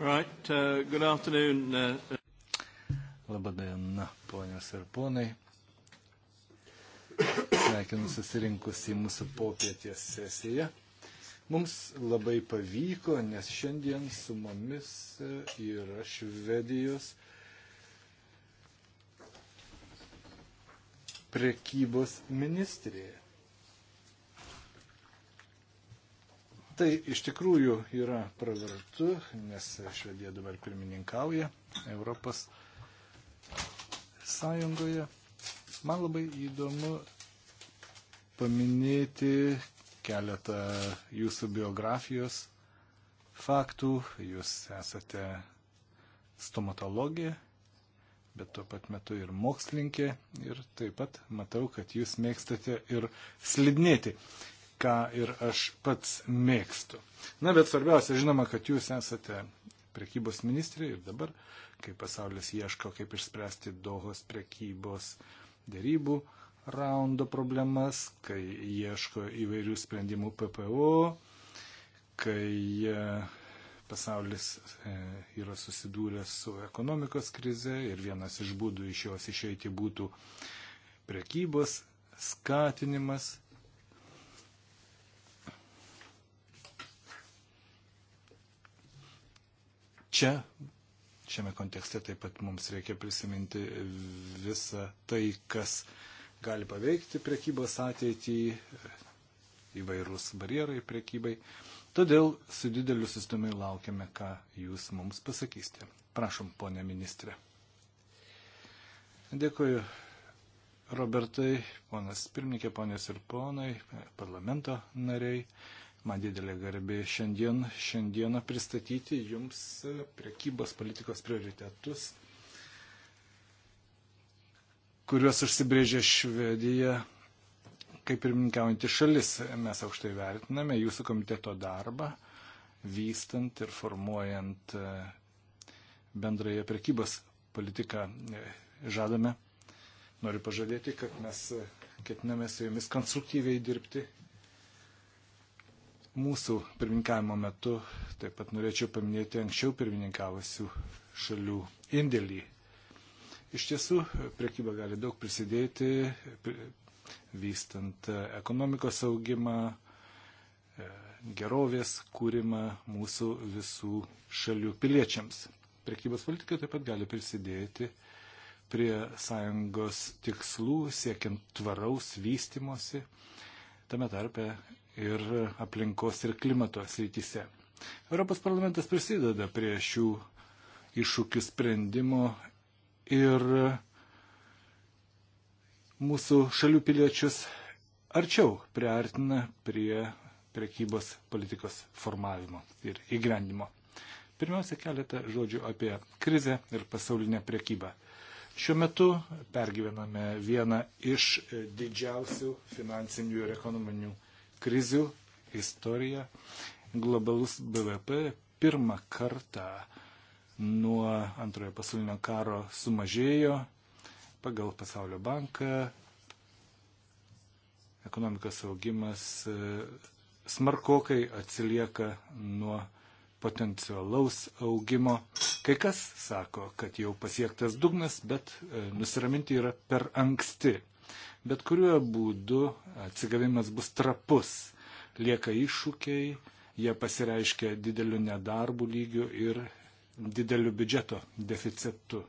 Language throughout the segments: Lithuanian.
Right, uh, good afternoon. Uh, uh... Labadiena, ponios ir ponai. Sveikinu susirinkus į mūsų popietės sesiją. Mums labai pavyko, nes šiandien su mumis e, yra Švedijos prekybos ministrėje. Tai iš tikrųjų yra pravartu, nes Švedija dabar pirmininkauja Europos Sąjungoje. Man labai įdomu paminėti keletą jūsų biografijos faktų. Jūs esate stomatologė, bet tuo pat metu ir mokslininkė ir taip pat matau, kad jūs mėgstate ir slidinėti ką ir aš pats mėgstu. Na, bet svarbiausia, žinoma, kad jūs esate prekybos ministrė ir dabar, kai pasaulis ieško, kaip išspręsti dohos prekybos dėrybų raundo problemas, kai ieško įvairių sprendimų PPO, kai e, pasaulis e, yra susidūręs su ekonomikos krize ir vienas iš būdų iš jos išeiti būtų prekybos skatinimas. čia, šiame kontekste taip pat mums reikia prisiminti visą tai, kas gali paveikti prekybos ateitį, įvairūs barjerai prekybai. Todėl su dideliu sustomiu laukiame, ką jūs mums pasakysite. Prašom, ponė ministrė. Dėkuoju, Robertai, ponas pirmininkė, ponės ir ponai, parlamento nariai. Man didelė garbė šiandien, šiandieną pristatyti jums prekybos politikos prioritetus, kuriuos užsibrėžė Švedija kaip pirmininkaujantį šalis. Mes aukštai vertiname jūsų komiteto darbą, vystant ir formuojant e, bendrąją prekybos politiką. E, žadame, noriu pažadėti, kad mes e, ketiname su jumis konstruktyviai dirbti Mūsų pirmininkavimo metu taip pat norėčiau paminėti anksčiau pirmininkavusių šalių indėlį. Iš tiesų, priekyba gali daug prisidėti, vystant e, ekonomikos augimą, e, gerovės kūrimą mūsų visų šalių piliečiams. Priekybos politika taip pat gali prisidėti prie sąjungos tikslų siekiant tvaraus vystimosi, tame tarpe ir aplinkos ir klimato srityse. Europos parlamentas prisideda prie šių iššūkių sprendimo ir mūsų šalių piliečius arčiau priartina prie prekybos politikos formavimo ir įgyvendimo. Pirmiausia, keletą žodžių apie krizę ir pasaulinę prekybą. Šiuo metu pergyvename vieną iš didžiausių finansinių ir ekonominių krizių istoriją globalus BVP pirmą kartą nuo antrojo pasaulinio karo sumažėjo pagal pasaulio banką. Ekonomikos augimas e, smarkokai atsilieka nuo potencialaus augimo. Kai kas sako, kad jau pasiektas dugnas, bet e, nusiraminti yra per anksti. Bet kuriuo būdu atsigavimas bus trapus. Lieka iššūkiai, jie pasireiškia dideliu nedarbų lygiu ir dideliu biudžeto deficitu.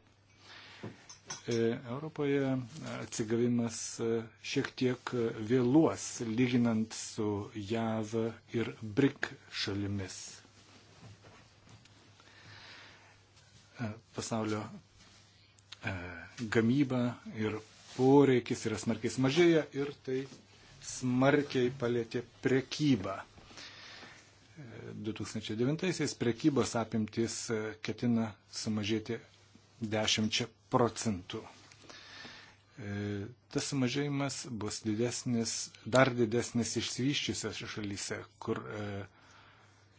E, Europoje atsigavimas e, šiek tiek e, vėluos, lyginant su JAV ir BRIC šalimis. Pasaulio gamyba ir poreikis yra smarkiai mažėja ir tai smarkiai palėtė prekybą. 2009-aisiais prekybos apimtis e, ketina sumažėti 10 procentų. E, tas sumažėjimas bus didesnis, dar didesnis išsivyščiusiose šalyse, kur e,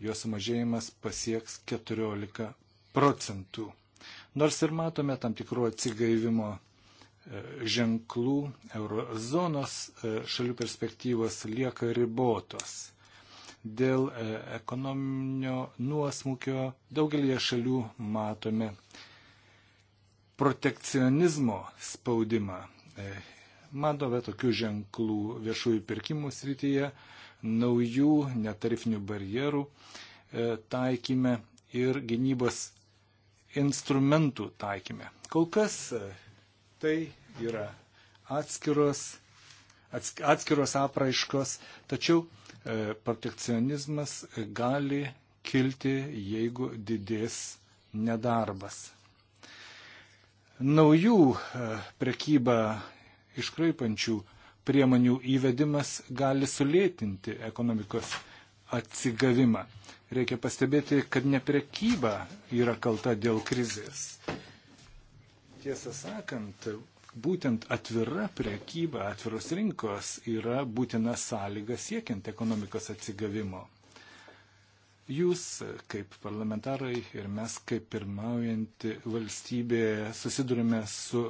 jo sumažėjimas pasieks 14 procentų. Nors ir matome tam tikrų atsigaivimo E, ženklų eurozonos e, šalių perspektyvos lieka ribotos. Dėl e, ekonominio nuosmukio daugelie šalių matome protekcionizmo spaudimą. Matome tokių ženklų viešųjų pirkimų srityje, naujų netarifinių barjerų taikyme ir gynybos instrumentų taikyme. Kol kas tai yra atskiros, atskiros apraiškos, tačiau e, protekcionizmas gali kilti, jeigu didės nedarbas. Naujų e, prekybą iškraipančių priemonių įvedimas gali sulėtinti ekonomikos atsigavimą. Reikia pastebėti, kad ne prekyba yra kalta dėl krizės. Tiesą sakant, būtent atvira priekyba, atviros rinkos yra būtina sąlyga siekiant ekonomikos atsigavimo. Jūs kaip parlamentarai ir mes kaip pirmaujanti valstybė susidurime su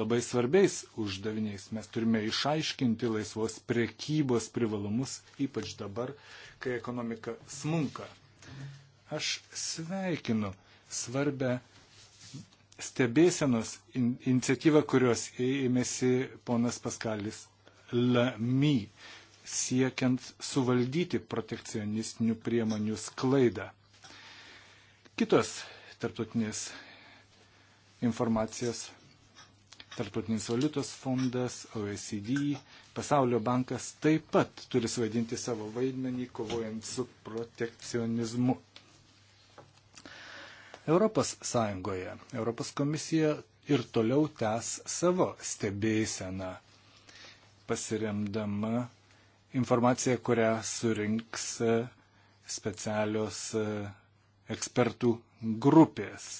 labai svarbiais uždaviniais. Mes turime išaiškinti laisvos priekybos privalumus, ypač dabar, kai ekonomika smunka. Aš sveikinu svarbę stebėsenos in, iniciatyva, kurios ėmėsi ponas Paskalis Lamy, siekiant suvaldyti protekcionistinių priemonių sklaidą. Kitos tarptautinės informacijos, tarptautinis valiutos fondas, OECD, Pasaulio bankas taip pat turi suvaidinti savo vaidmenį, kovojant su protekcionizmu. Europos Sąjungoje. Europos komisija ir toliau tęs savo stebėseną, pasiremdama informaciją, kurią surinks e, specialios e, ekspertų grupės.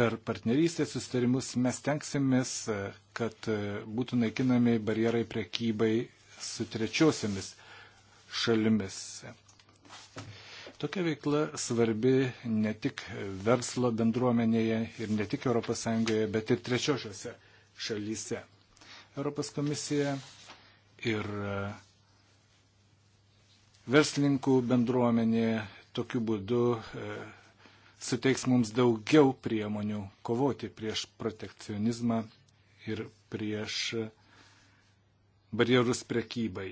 per partnerystės sustarimus mes tenksimės, e, kad būtų naikinami barjerai priekybai su trečiosiamis šalimis. Tokia veikla svarbi ne tik verslo bendruomenėje ir ne tik ES, bet ir trečiosiuose šalyse. Europos komisija ir e, verslininkų bendruomenė tokiu būdu e, suteiks mums daugiau priemonių kovoti prieš protekcionizmą ir prieš e, barjerus prekybai.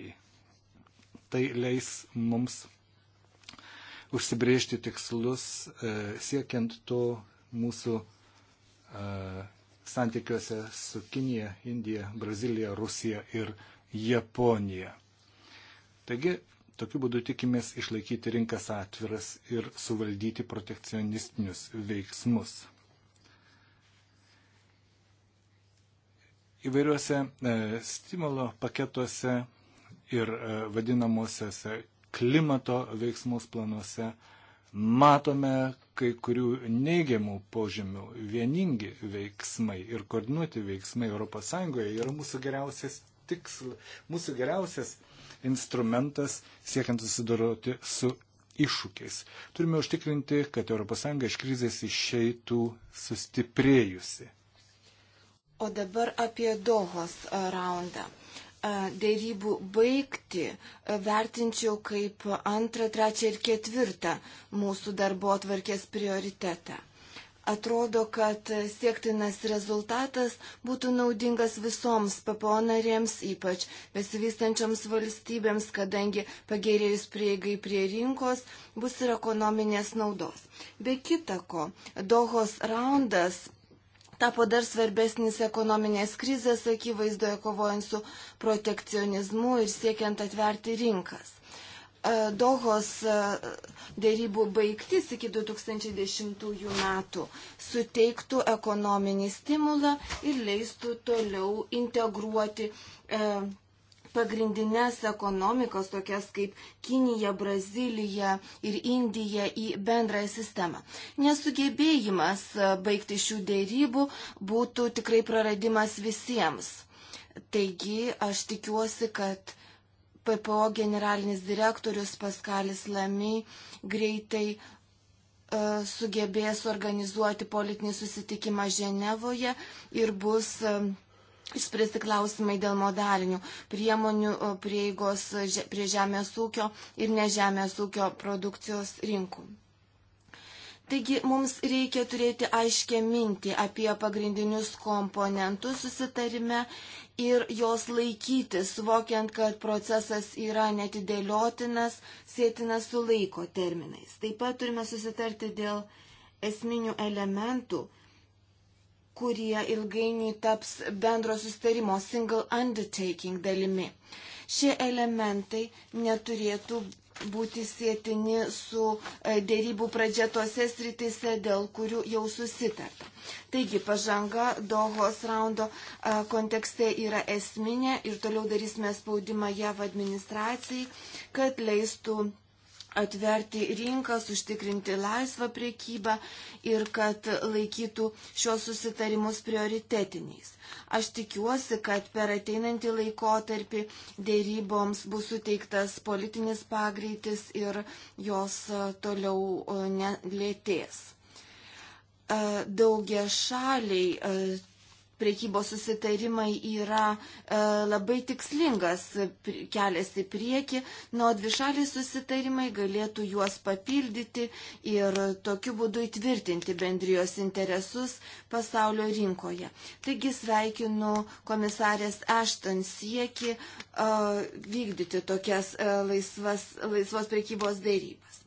Tai leis mums užsibriežti tikslus e, siekiant to mūsų e, santykiuose su Kinija, Indija, Brazilija, Rusija ir Japonija. Taigi, tokiu būdu tikimės išlaikyti rinkas atviras ir suvaldyti protekcionistinius veiksmus. Įvairiuose e, stimulo paketuose ir vadinamosiose klimato veiksmus planuose matome kai kurių neigiamų požymių. Vieningi veiksmai ir koordinuoti veiksmai ES yra mūsų geriausias tikslas, mūsų geriausias instrumentas siekiant susidoroti su iššūkiais. Turime užtikrinti, kad ES iš krizės išeitų sustiprėjusi. O dabar apie Dohos raundą dėrybų baigti vertinčiau kaip antrą, trečią ir ketvirtą mūsų darbo atvarkės prioritetą. Atrodo, kad siektinas rezultatas būtų naudingas visoms PPO narėms, ypač besivystančioms valstybėms, kadangi pagerėjus prieigai prie rinkos bus ir ekonominės naudos. Be kita ko, Dohos raundas tapo dar svarbesnis ekonominės krizės akivaizdoje kovojant su protekcionizmu ir siekiant atverti rinkas. E, Dohos e, dėrybų baigtis iki 2010 metų suteiktų ekonominį stimulą ir leistų toliau integruoti e, pagrindinės ekonomikos, tokias kaip Kinija, Brazilija ir Indija į bendrąją sistemą. Nesugebėjimas e, baigti šių dėrybų būtų tikrai praradimas visiems. Taigi aš tikiuosi, kad PPO generalinis direktorius Paskalis Lamy greitai uh, sugebės organizuoti politinį susitikimą Ženevoje ir bus uh, Išspręsti klausimai dėl modalinių priemonių prieigos e, prie žemės ūkio ir nežemės ūkio produkcijos rinkų. Taigi mums reikia turėti aiškę mintį apie pagrindinius komponentus susitarime ir jos laikyti, suvokiant, kad procesas yra netidėliotinas, sėtinas su laiko terminais. Taip pat turime susitarti dėl esminių elementų kurie ilgainiui taps bendro sustarimo single undertaking dalimi. Šie elementai neturėtų būti sėtini su e, dėrybų pradžia tose sritise, dėl kurių jau susitarta. Taigi pažanga Dohos raundo e, kontekste yra esminė ir toliau darysime spaudimą JAV administracijai, kad leistų atverti rinkas, užtikrinti laisvą priekybą ir kad laikytų šios susitarimus prioritetiniais. Aš tikiuosi, kad per ateinantį laikotarpį dėryboms bus suteiktas politinis pagreitis ir jos e, toliau e, nelėtės. E, Daugia šaliai priekybos susitarimai yra e, labai tikslingas kelias į priekį, nuo dvišaliai susitarimai galėtų juos papildyti ir tokiu būdu įtvirtinti bendrijos interesus pasaulio rinkoje. Taigi sveikinu komisarės Ashton sieki e, vykdyti tokias e, laisvas, laisvos priekybos dėrybas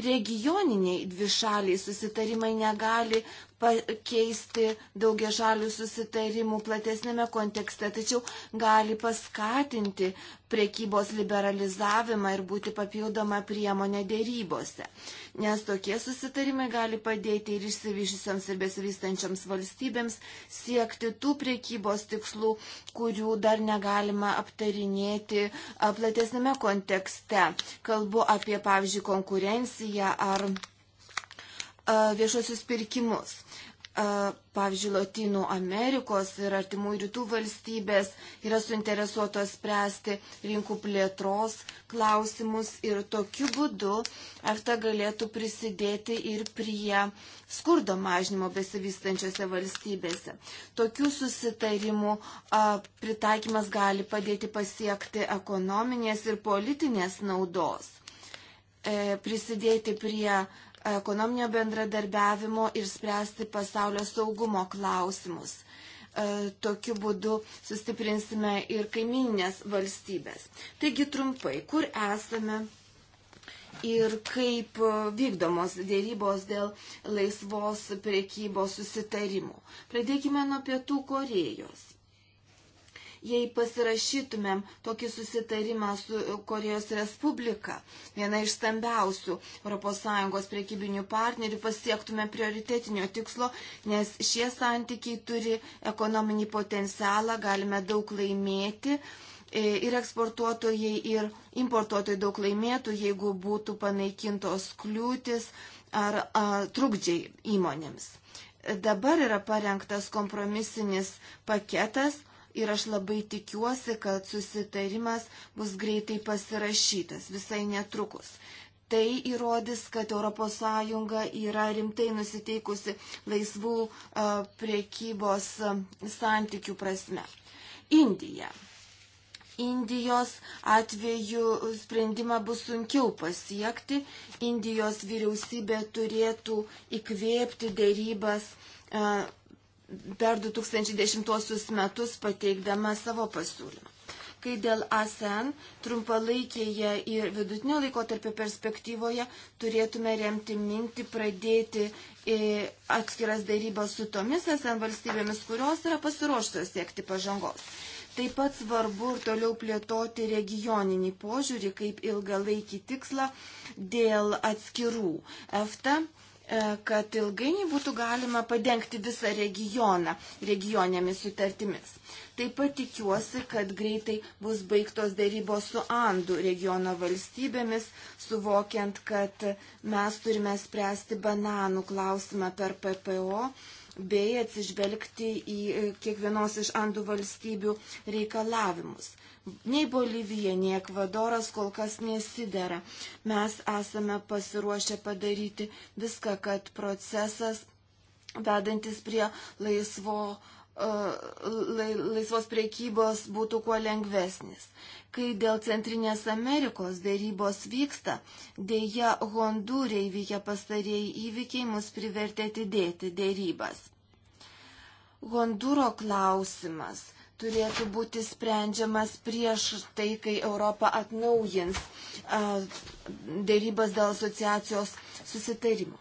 regioniniai dvišaliai susitarimai negali pakeisti daugia šalių susitarimų platesnėme kontekste, tačiau gali paskatinti priekybos liberalizavimą ir būti papildoma priemonė dėrybose. Nes tokie susitarimai gali padėti ir išsivyšusiams ir besivystančiams valstybėms siekti tų priekybos tikslų, kurių dar negalima aptarinėti platesnėme kontekste. Kalbu apie, pavyzdžiui, konkurenciją korupciją ar e, viešuosius pirkimus. E, pavyzdžiui, Latinų Amerikos ir Artimų Rytų valstybės yra suinteresuotos spręsti rinkų plėtros klausimus ir tokiu būdu EFTA galėtų prisidėti ir prie skurdo mažnymo besivystančiose valstybėse. Tokių susitarimų a, e, pritaikymas gali padėti pasiekti ekonominės ir politinės naudos E, prisidėti prie ekonominio bendradarbiavimo ir spręsti pasaulio saugumo klausimus. E, tokiu būdu sustiprinsime ir kaiminės valstybės. Taigi trumpai, kur esame ir kaip vykdomos dėrybos dėl laisvos priekybos susitarimų. Pradėkime nuo Pietų Korejos jei pasirašytumėm tokį susitarimą su Korejos Respublika, viena iš stambiausių ES priekybinių partnerių, pasiektume prioritetinio tikslo, nes šie santykiai turi ekonominį potencialą, galime daug laimėti. E, ir eksportuotojai, ir importuotojai daug laimėtų, jeigu būtų panaikintos kliūtis ar a, trukdžiai įmonėms dabar yra parengtas kompromisinis paketas, ir aš labai tikiuosi, kad susitarimas bus greitai pasirašytas, visai netrukus. Tai įrodys, kad ES yra rimtai nusiteikusi laisvų priekybos santykių prasme. Indija. Indijos atveju sprendimą bus sunkiau pasiekti. Indijos vyriausybė turėtų įkvėpti dėrybas per 2010 metus pateikdama savo pasiūlymą. Kai dėl ASEAN trumpalaikėje ir vidutinio laiko tarp perspektyvoje turėtume remti mintį pradėti e, atskiras darybas su tomis ASEAN valstybėmis, kurios yra pasiruošusios siekti pažangos. Taip pat svarbu ir toliau plėtoti regioninį požiūrį kaip ilgalaikį tikslą dėl atskirų EFTA E, kad ilgainiui būtų galima padengti visą regioną regionėmis sutartimis. Taip pat tikiuosi, kad greitai bus baigtos darybos su Andų regiono valstybėmis, suvokiant, kad mes turime spręsti bananų klausimą per PPO bei atsižvelgti į e, kiekvienos iš Andų valstybių reikalavimus. Nei Bolivija, nei Ekvadoras kol kas nesidera. Mes esame pasiruošę padaryti viską, kad procesas vedantis prie laisvo laisvos priekybos būtų kuo lengvesnis. Kai dėl Centrinės Amerikos dėrybos vyksta, dėja Hondūrė įvykę pastarėjai įvykiai mus privertė atidėti dėrybas. Hondūro klausimas turėtų būti sprendžiamas prieš tai, kai Europa atnaujins dėrybas dėl asociacijos susitarimo.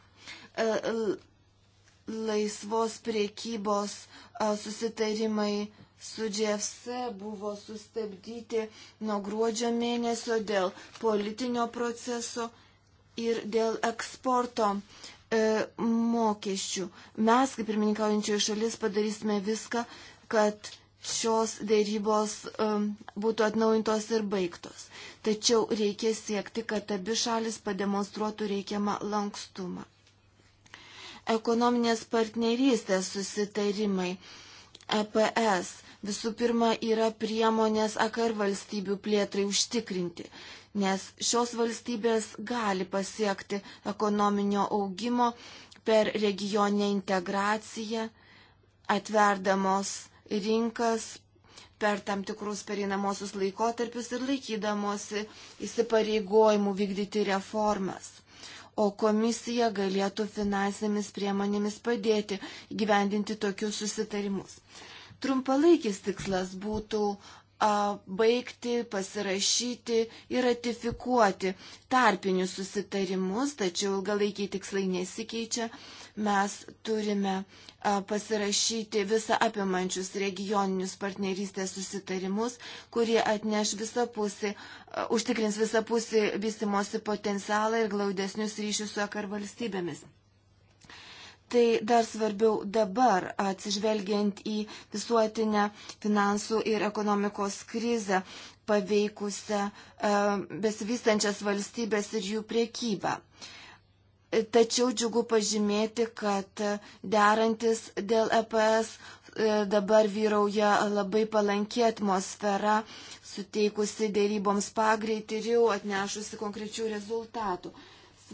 Laisvos priekybos uh, susitarimai su GFC buvo sustabdyti nuo gruodžio mėnesio dėl politinio proceso ir dėl eksporto e, mokesčių. Mes, kaip pirmininkaujančioji šalis, padarysime viską, kad šios dėrybos e, būtų atnaujintos ir baigtos. Tačiau reikia siekti, kad abi šalis pademonstruotų reikiamą lankstumą ekonominės partnerystės susitarimai EPS visų pirma yra priemonės akar valstybių plėtrai užtikrinti, nes šios valstybės gali pasiekti ekonominio augimo per regioninę integraciją, atverdamos rinkas per tam tikrus pereinamosius laikotarpius ir laikydamosi įsipareigojimų vykdyti reformas o komisija galėtų finansinėmis priemonėmis padėti gyvendinti tokius susitarimus. Trumpalaikis tikslas būtų baigti, pasirašyti ir ratifikuoti tarpinius susitarimus, tačiau ilgalaikiai tikslai nesikeičia. Mes turime pasirašyti visą apimančius regioninius partnerystės susitarimus, kurie atneš visapusį, užtikrins visapusį vystimosi potencialą ir glaudesnius ryšius su akar valstybėmis tai dar svarbiau dabar, atsižvelgiant į visuotinę finansų ir ekonomikos krizę paveikusią e, besivystančias valstybės ir jų priekybą. Tačiau džiugu pažymėti, kad derantis dėl EPS e, dabar vyrauja labai palanki atmosfera, suteikusi dėryboms pagreitį ir jau atnešusi konkrečių rezultatų.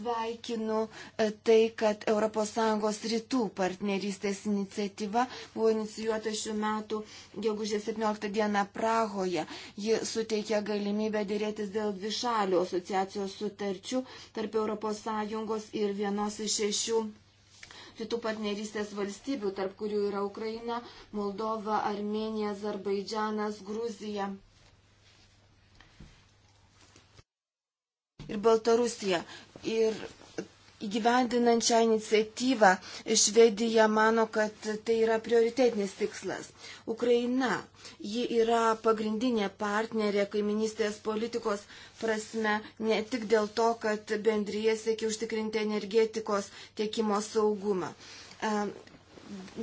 Sveikinu e, tai, kad ES rytų partnerystės iniciatyva buvo inicijuota šių metų gegužės 17 dieną Prahoje. Ji suteikia galimybę dėrėtis dėl dvišalių asociacijos sutarčių tarp ES ir vienos iš šešių rytų partnerystės valstybių, tarp kurių yra Ukraina, Moldova, Armenija, Azerbaidžianas, Gruzija. Ir Baltarusija. Ir įgyvendinant šią iniciatyvą Švedija mano, kad tai yra prioritetinis tikslas. Ukraina, ji yra pagrindinė partnerė kaiminystės politikos prasme, ne tik dėl to, kad bendryje siekia užtikrinti energetikos tiekimo saugumą. E,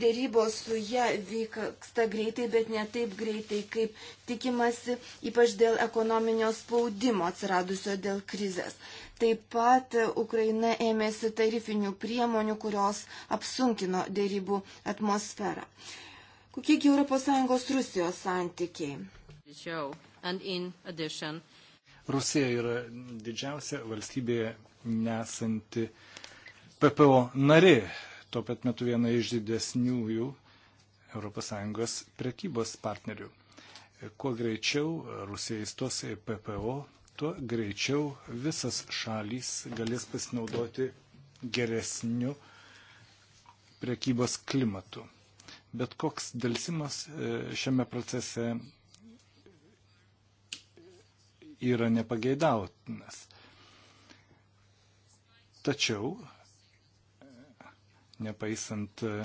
dėrybos su ją vyksta greitai, bet ne taip greitai, kaip tikimasi, ypač dėl ekonominio spaudimo atsiradusio dėl krizės. Taip pat Ukraina ėmėsi tarifinių priemonių, kurios apsunkino dėrybų atmosferą. Kokiegi ES Rusijos santykiai? Rusija yra didžiausia valstybė nesanti PPO narė, tuo pat metu viena iš didesniųjų ES prekybos partnerių. Kuo greičiau Rusija įstos į PPO, tuo greičiau visas šalys galės pasinaudoti geresniu prekybos klimatu. Bet koks dalsimas e, šiame procese yra nepageidautinas. Tačiau, e, nepaisant e,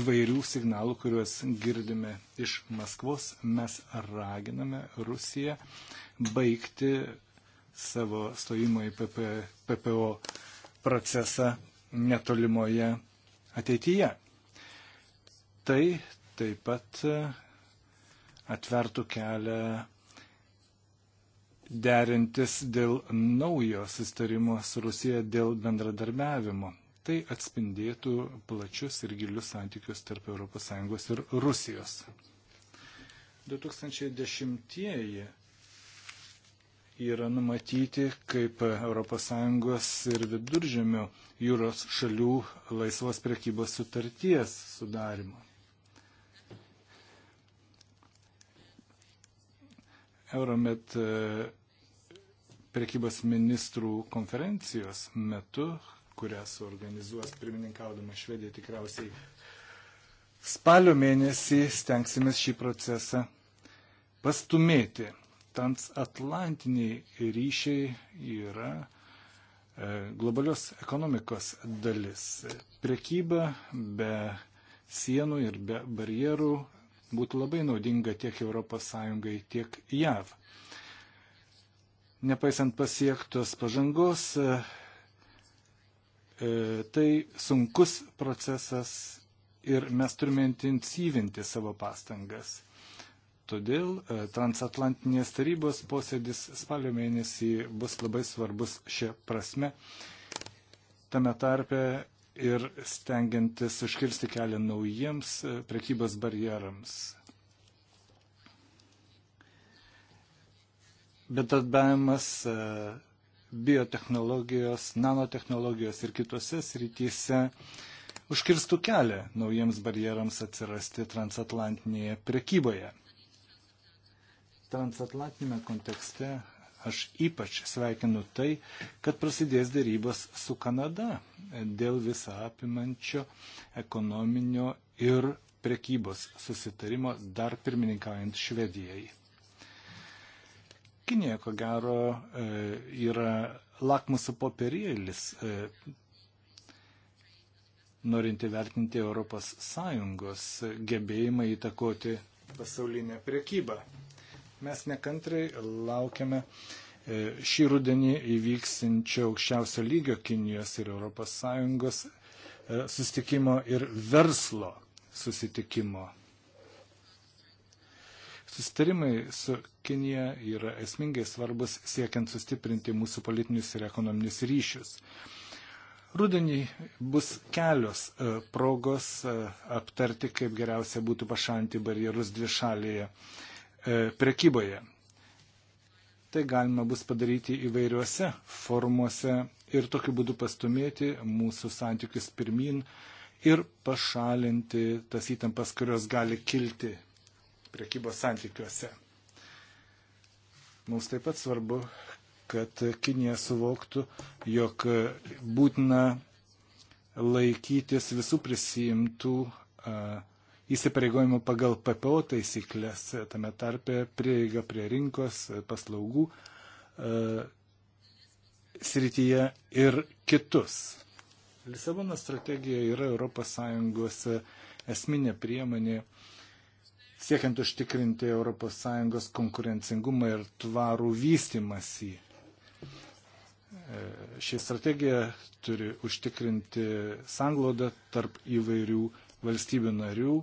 įvairių signalų, kuriuos girdime iš Maskvos, mes raginame Rusiją baigti savo stojimo į PP, PPO procesą netolimoje ateityje. Tai taip pat e, atvertų kelią derintis dėl naujo sustarimo su Rusija dėl bendradarbiavimo. Tai atspindėtų plačius ir gilius santykius tarp ES ir Rusijos. 2010 yra numatyti kaip ES ir viduržėmio jūros šalių laisvos prekybos sutarties sudarimo. Euromet e, prekybos ministrų konferencijos metu, kurią suorganizuos pirmininkaudama Švedija tikriausiai spalio mėnesį, stengsimės šį procesą pastumėti transatlantiniai ryšiai yra e, globalios ekonomikos dalis. Prekyba be sienų ir be barjerų būtų labai naudinga tiek ES, tiek JAV. Nepaisant pasiektos pažangos, e, e, tai sunkus procesas ir mes turime intensyvinti savo pastangas. Todėl e, transatlantinės tarybos posėdis spalio mėnesį bus labai svarbus šia prasme, tame tarpe ir stengiantis užkirsti kelią naujiems e, prekybos barjerams. Bedarbiavimas e, biotehnologijos, nanotehnologijos ir kitose srityse užkirstų kelią naujiems barjerams atsirasti transatlantinėje prekyboje transatlantinėme kontekste aš ypač sveikinu tai, kad prasidės dėrybos su Kanada dėl visą apimančio ekonominio ir prekybos susitarimo dar pirmininkaujant Švedijai. Kinėje, ko gero, e, yra lakmuso popierėlis e, norint įvertinti Europos Sąjungos gebėjimą įtakoti pasaulinę priekybą. Mes nekantrai laukiame e, šį rudenį įvyksinčio aukščiausio lygio Kinijos ir ES e, sustikimo ir verslo susitikimo. Sustarimai su Kinija yra esmingai svarbus siekiant sustiprinti mūsų politinius ir ekonominius ryšius. Rudenį bus kelios e, progos aptarti, kaip geriausia būtų pašalinti barjerus dvišalėje E, prekyboje. Tai galima bus padaryti įvairiuose formuose ir tokiu būdu pastumėti mūsų santykius pirmin ir pašalinti tas įtampas, kurios gali kilti prekybos santykiuose. Mums taip pat svarbu, kad Kinija suvoktų, jog būtina laikytis visų prisijimtų uh, įsipareigojimų pagal PPO taisyklės, tame tarpe prieiga prie rinkos, paslaugų e, srityje ir kitus. Lisabono strategija yra ES esminė priemonė siekiant užtikrinti ES konkurencingumą ir tvarų vystimasi. E, ši strategija turi užtikrinti sanglaudą tarp įvairių valstybių narių,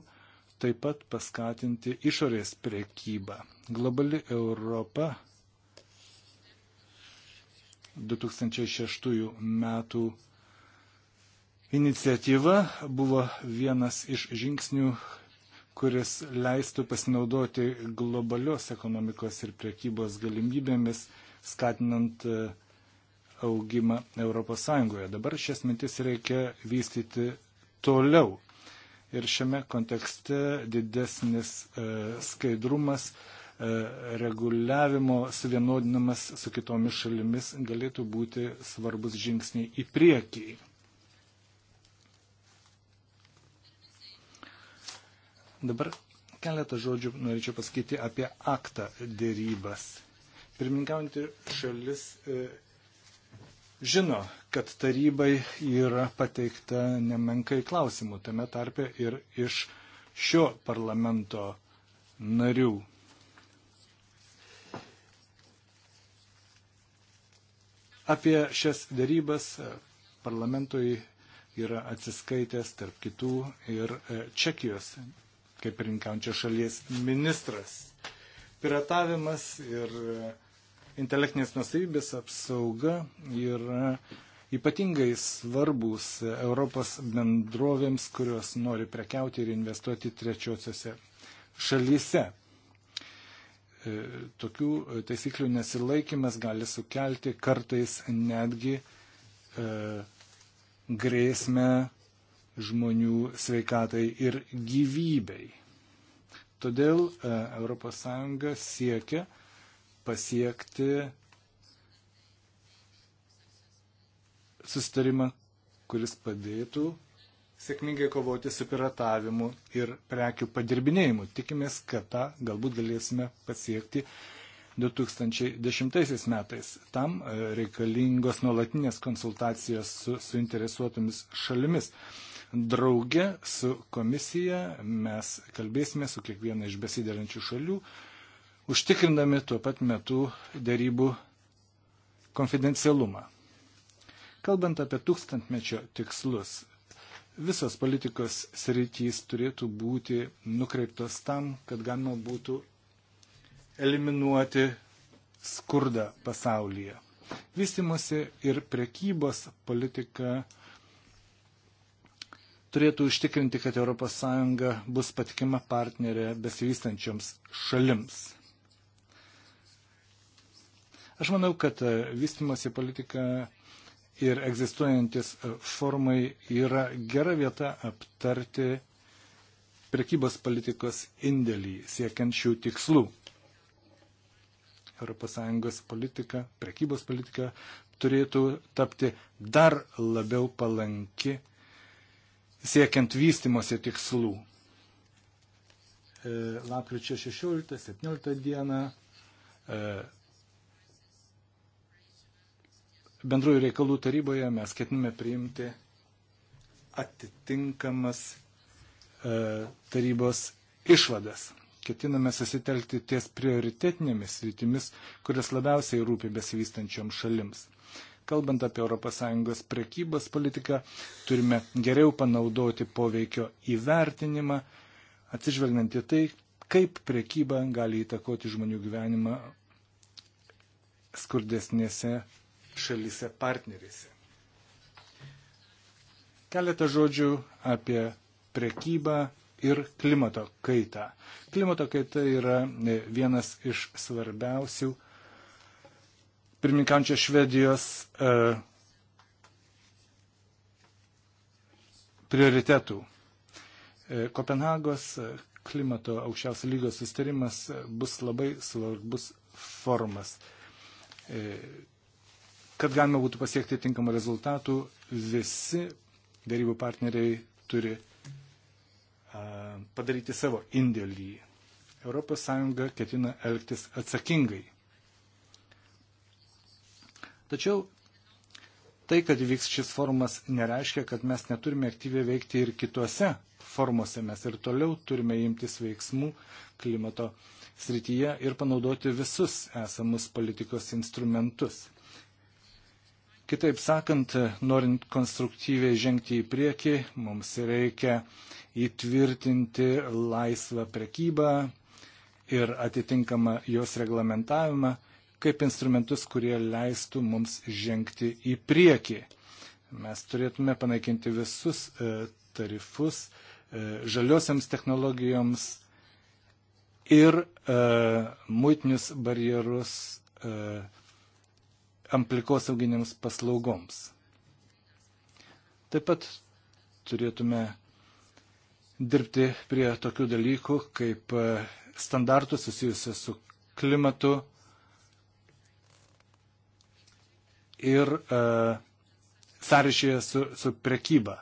taip pat paskatinti išorės priekybą. Globali Europa 2006 metų iniciatyva buvo vienas iš žingsnių, kuris leistų pasinaudoti globalios ekonomikos ir priekybos galimybėmis, skatinant e, augimą ES. Dabar šias mintis reikia vystyti toliau. Ir šiame kontekste didesnis e, skaidrumas, e, reguliavimo suvienodinimas su kitomis šalimis galėtų būti svarbus žingsniai į priekį. Dabar keletą žodžių norėčiau pasakyti apie aktą dėrybas. Pirmininkaujantį šalis e, žino, kad tarybai yra pateikta nemenkai klausimų, tame tarpe ir iš šio parlamento narių. Apie šias darybas e, parlamentui yra atsiskaitęs tarp kitų ir e, Čekijos kaip rinkančio šalies ministras. Piratavimas ir uh, intelektinės nusavybės apsauga yra ypatingai svarbus Europos bendrovėms, kurios nori prekiauti ir investuoti trečiosiose šalyse. E, tokių taisyklių nesilaikimas gali sukelti kartais netgi e, grėsmę žmonių sveikatai ir gyvybei. Todėl ES siekia pasiekti sustarimą, kuris padėtų sėkmingai kovoti su piratavimu ir prekių padirbinėjimu. Tikimės, kad tą galbūt galėsime pasiekti 2010 metais. Tam e, reikalingos nuolatinės konsultacijos su suinteresuotomis šalimis. Drauge su komisija mes kalbėsime su kiekviena iš besiderančių šalių, užtikrindami tuo pat metu dėrybų konfidencialumą. Kalbant apie tūkstantmečio tikslus, visas politikos sritys turėtų būti nukreiptos tam, kad galima būtų eliminuoti skurdą pasaulyje. Vystimosi ir prekybos politika turėtų užtikrinti, kad ES bus patikima partnerė besivystančioms šalims. Aš manau, kad e, vystimosi politika ir egzistuojantis e, formai yra gera vieta aptarti prekybos politikos indėlį siekiant šių tikslų. ES politika, prekybos politika turėtų tapti dar labiau palanki siekiant vystimosi tikslų. E, lapkričio 16-17 dieną bendrųjų reikalų taryboje mes ketiname priimti atitinkamas e, tarybos išvadas. Ketiname susitelkti ties prioritetinėmis rytimis, kurias labiausiai rūpi besivystančiom šalims. Kalbant apie ES prekybos politiką, turime geriau panaudoti poveikio įvertinimą, atsižvelgiant į tai, kaip prekyba gali įtakoti žmonių gyvenimą skurdesnėse šalise partnerėse. Keletą žodžių apie prekybą ir klimato kaitą. Klimato kaita yra e, vienas iš svarbiausių pirmininkančio Švedijos e, prioritetų. E, Kopenhagos e, klimato aukščiausio lygio sustarimas e, bus labai svarbus formas. E, Kad galima būtų pasiekti tinkamų rezultatų, visi dėrybų partneriai turi padaryti savo indėlį. ES ketina elgtis atsakingai. Tačiau tai, kad vyks šis formas, nereiškia, kad mes neturime aktyviai veikti ir kituose formuose. Mes ir toliau turime imtis veiksmų klimato srityje ir panaudoti visus esamus politikos instrumentus. Kitaip sakant, norint konstruktyviai žengti į priekį, mums reikia įtvirtinti laisvą prekybą ir atitinkamą jos reglamentavimą kaip instrumentus, kurie leistų mums žengti į priekį. Mes turėtume panaikinti visus e, tarifus e, žaliosiams technologijoms ir e, muitinius barjerus uh, amplikosauginėms paslaugoms. Taip pat turėtume dirbti prie tokių dalykų kaip e, standartų susijusių su klimatu ir e, sąryšyje su, su prekyba.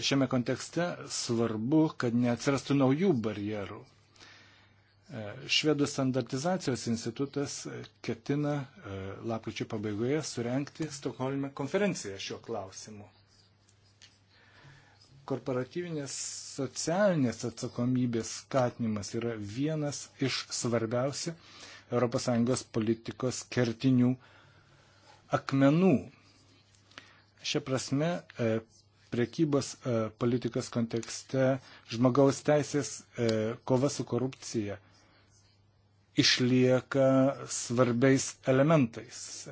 Šiame kontekste svarbu, kad neatsirastų naujų barjerų. E, švedų standartizacijos institutas ketina e, lapkričio pabaigoje surenkti Stokholme konferenciją šiuo klausimu. Korporatyvinės socialinės atsakomybės skatinimas yra vienas iš svarbiausių ES politikos kertinių akmenų. Šia prasme, e, priekybos politikos kontekste žmogaus teisės kova su korupcija – išlieka svarbiais elementais.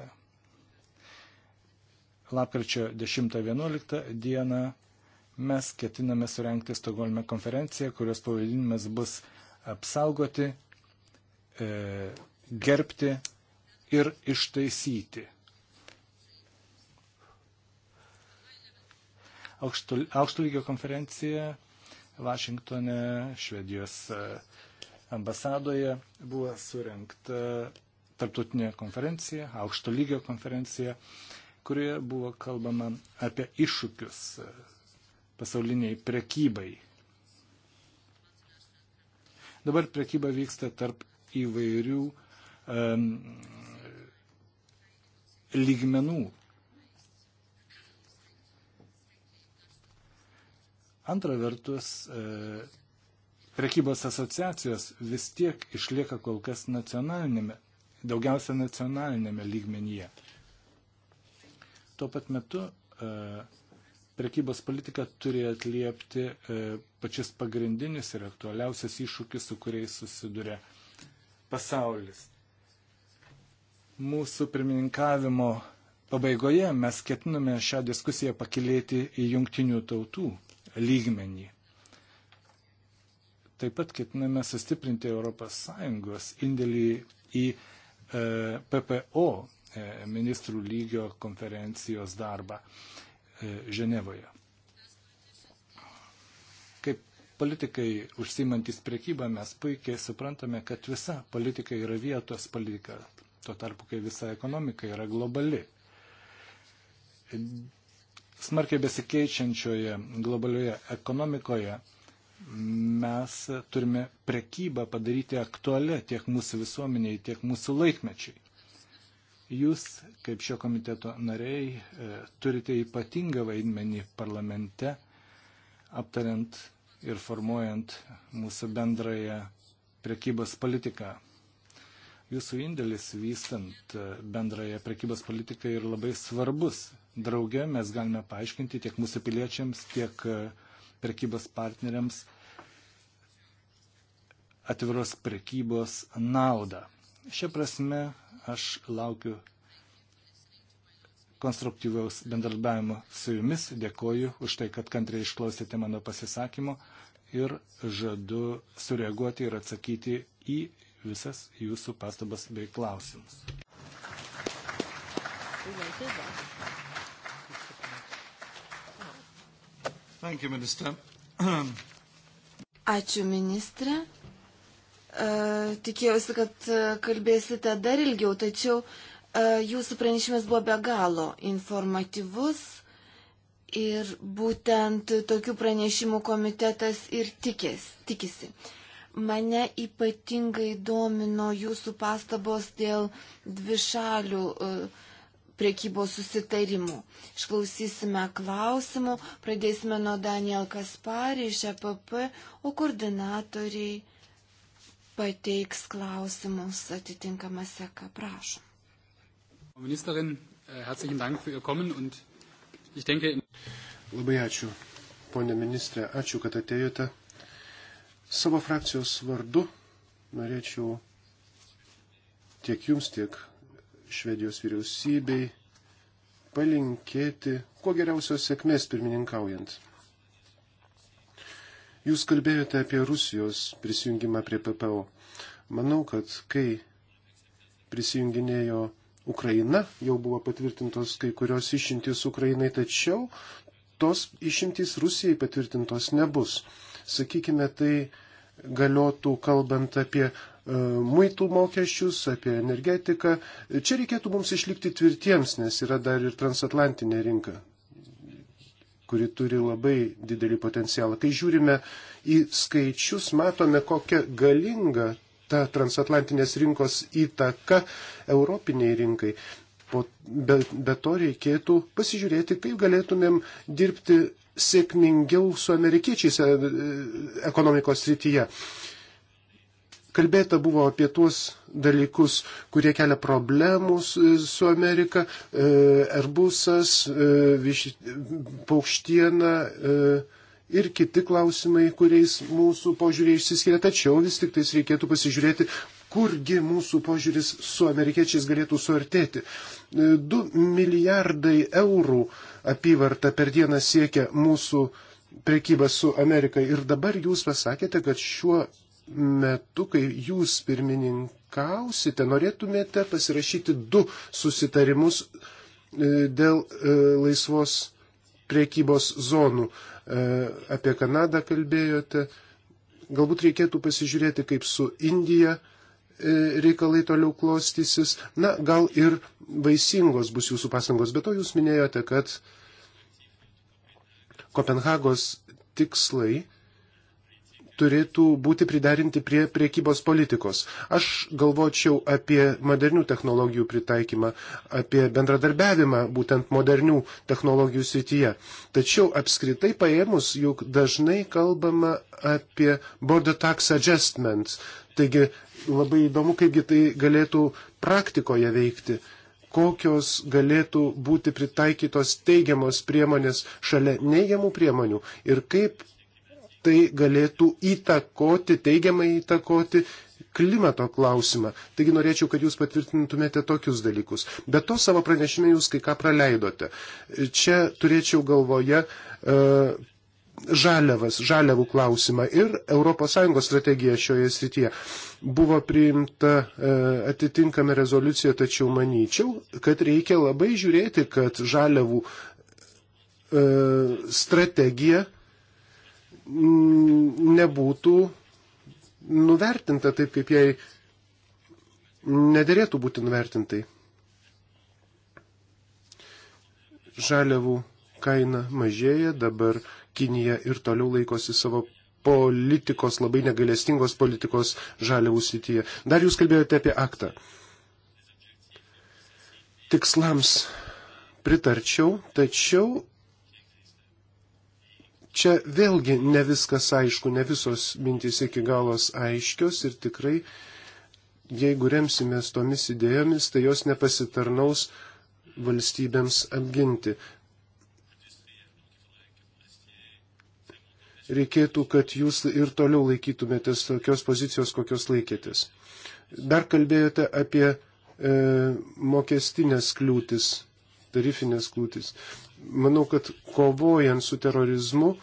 Lapkričio 10-11 dieną mes ketiname surenkti Stogolme konferenciją, kurios pavadinimas bus apsaugoti, e, gerbti ir ištaisyti. Aukšto, aukšto lygio konferencija Vašingtone, Švedijos e, ambasadoje buvo surinkta tarptautinė konferencija, aukšto lygio konferencija, kurioje buvo kalbama apie iššūkius pasauliniai prekybai. Dabar prekyba vyksta tarp įvairių um, lygmenų. Antra vertus, uh, prekybos asociacijos vis tiek išlieka kol kas nacionalinėme, daugiausia nacionalinėme lygmenyje. Tuo pat metu e, prekybos politika turi atliepti e, pačius pagrindinius ir aktualiausias iššūkius, su kuriais susiduria pasaulis. Mūsų pirmininkavimo pabaigoje mes ketiname šią diskusiją pakilėti į jungtinių tautų lygmenį. Taip pat ketiname sustiprinti ES indėlį į e, PPO e, ministrų lygio konferencijos darbą e, Ženevoje. Kaip politikai užsimantis priekybą mes puikiai suprantame, kad visa politika yra vietos politika, tuo tarpu, kai visa ekonomika yra globali. Smarkiai besikeičiančioje globalioje ekonomikoje mes turime prekybą padaryti aktualią tiek mūsų visuomeniai, tiek mūsų laikmečiai. Jūs, kaip šio komiteto nariai, e, turite ypatingą vaidmenį parlamente, aptariant ir formuojant mūsų bendrąją prekybos politiką. Jūsų indėlis vystant e, bendrąją prekybos politiką yra labai svarbus. Drauge mes galime paaiškinti tiek mūsų piliečiams, tiek uh, prekybos partneriams atviros prekybos naudą. Šia prasme aš laukiu konstruktyvaus bendradarbiavimo su jumis. Dėkoju už tai, kad kantriai išklausėte mano pasisakymo ir žadu sureaguoti ir atsakyti į visas jūsų pastabas bei klausimus. Thank you, minister. Ačiū, ministrė. Uh, e, tikėjausi, kad e, kalbėsite dar ilgiau, tačiau uh, jūsų pranešimas buvo be galo informatyvus ir būtent tokių pranešimų komitetas ir tikės, tikisi. Mane ypatingai domino jūsų pastabos dėl dvišalių uh, priekybos susitarimų. Išklausysime klausimų, pradėsime nuo Daniel Kasparį iš EPP, o koordinatoriai pateiks klausimus atitinkamą seką. Prašom. Ministerin, äh, herzlichen Dank für Ihr Kommen und ich denke. Labai ačiū, ponė ministrė, ačiū, kad atėjote. Savo frakcijos vardu norėčiau tiek jums, tiek Švedijos vyriausybei palinkėti kuo geriausios sėkmės pirmininkaujant. Jūs kalbėjote apie Rusijos prisijungimą prie PPO. Manau, kad kai prisijunginėjo Ukraina, jau buvo patvirtintos kai kurios išimtys Ukrainai, tačiau tos išimtys Rusijai patvirtintos nebus. Sakykime, tai galiotų kalbant apie e, muitų mokesčius, apie energetiką. Čia reikėtų mums išlikti tvirtiems, nes yra dar ir transatlantinė rinka, kuri turi labai didelį potencialą. Kai žiūrime į skaičius, matome, kokia galinga ta transatlantinės rinkos įtaka europiniai rinkai. Po, be, be to reikėtų pasižiūrėti, kaip galėtumėm dirbti sėkmingiau su amerikiečiais e, e, ekonomikos srityje. Kalbėta buvo apie tuos dalykus, kurie kelia problemų e, su Amerika - Airbusas, paukštiena ir kiti klausimai, kuriais mūsų požiūrė išsiskiria. Tačiau vis tik tais reikėtų pasižiūrėti, kurgi mūsų požiūris su amerikiečiais galėtų suartėti. 2 milijardai eurų uh, apyvarta per dieną siekia mūsų prekyba su Amerika. Ir dabar jūs pasakėte, kad šiuo metu, kai jūs pirmininkausite, norėtumėte pasirašyti du susitarimus e, dėl e, laisvos priekybos zonų. E, apie Kanadą kalbėjote. Galbūt reikėtų pasižiūrėti, kaip su Indija E, reikalai toliau klostysis. Na, gal ir vaisingos bus jūsų pastangos, bet to jūs minėjote, kad Kopenhagos tikslai turėtų būti pridarinti prie priekybos politikos. Aš galvočiau apie modernių technologijų pritaikymą, apie bendradarbiavimą būtent modernių technologijų srityje. Tačiau apskritai paėmus, juk dažnai kalbama apie border tax adjustments, taigi labai įdomu, kaipgi tai galėtų praktikoje veikti, kokios galėtų būti pritaikytos teigiamos priemonės šalia neigiamų priemonių ir kaip tai galėtų įtakoti, teigiamai įtakoti klimato klausimą. Taigi norėčiau, kad jūs patvirtintumėte tokius dalykus. Bet to savo pranešime jūs kai ką praleidote. Čia turėčiau galvoje e, žaliavas, žaliavų klausimą ir ES strategiją šioje srityje. Buvo priimta e, atitinkama rezoliucija, tačiau manyčiau, kad reikia labai žiūrėti, kad žaliavų e, strategija mm, nebūtų nuvertinta taip, kaip jai nederėtų būti nuvertintai. Žaliavų kaina mažėja, dabar uh, Kinija ir toliau laikosi savo politikos, labai negalestingos politikos žaliavų srityje. Dar jūs kalbėjote apie aktą. Tikslams pritarčiau, tačiau čia vėlgi ne viskas aišku, ne visos mintys iki galos aiškios ir tikrai, jeigu remsimės tomis idėjomis, tai jos nepasitarnaus valstybėms apginti. reikėtų, kad jūs ir toliau laikytumėtės tokios pozicijos, kokios laikėtės. Dar kalbėjote apie e, mokestinės kliūtis, tarifinės kliūtis. Manau, kad kovojant su terorizmu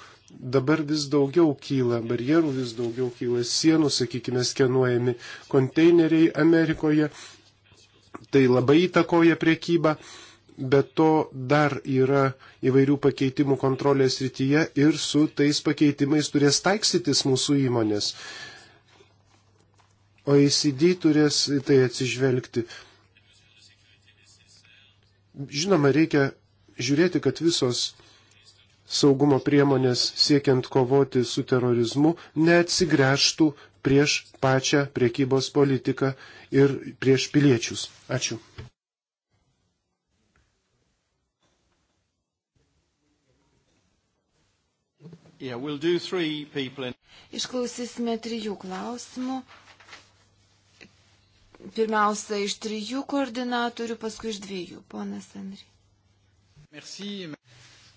dabar vis daugiau kyla, barjerų vis daugiau kyla, sienų, sakykime, skenuojami konteineriai Amerikoje. Tai labai įtakoja priekybą. E, bet to dar yra įvairių pakeitimų kontrolės rytyje ir su tais pakeitimais turės taiksytis mūsų įmonės. OECD turės į tai atsižvelgti. Žinoma, reikia žiūrėti, kad visos saugumo priemonės siekiant kovoti su terorizmu neatsigręžtų prieš pačią priekybos politiką ir prieš piliečius. Ačiū. Yeah, we'll do three people in... Išklausysime trijų klausimų. Pirmiausia, iš trijų koordinatorių, paskui iš dviejų. Ponas Andri. Merci.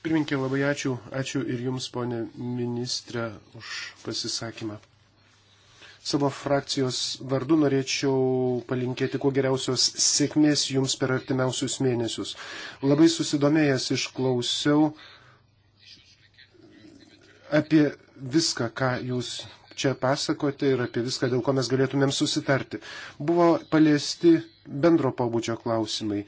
Pirminkė, labai ačiū. Ačiū ir Jums, ponė ministrė, už pasisakymą. Savo frakcijos vardu norėčiau palinkėti kuo geriausios sėkmės Jums per artimiausius mėnesius. Labai susidomėjęs išklausiau apie viską, ką jūs čia pasakote ir apie viską, dėl ko mes galėtumėm susitarti. Buvo paliesti bendro pobūdžio klausimai.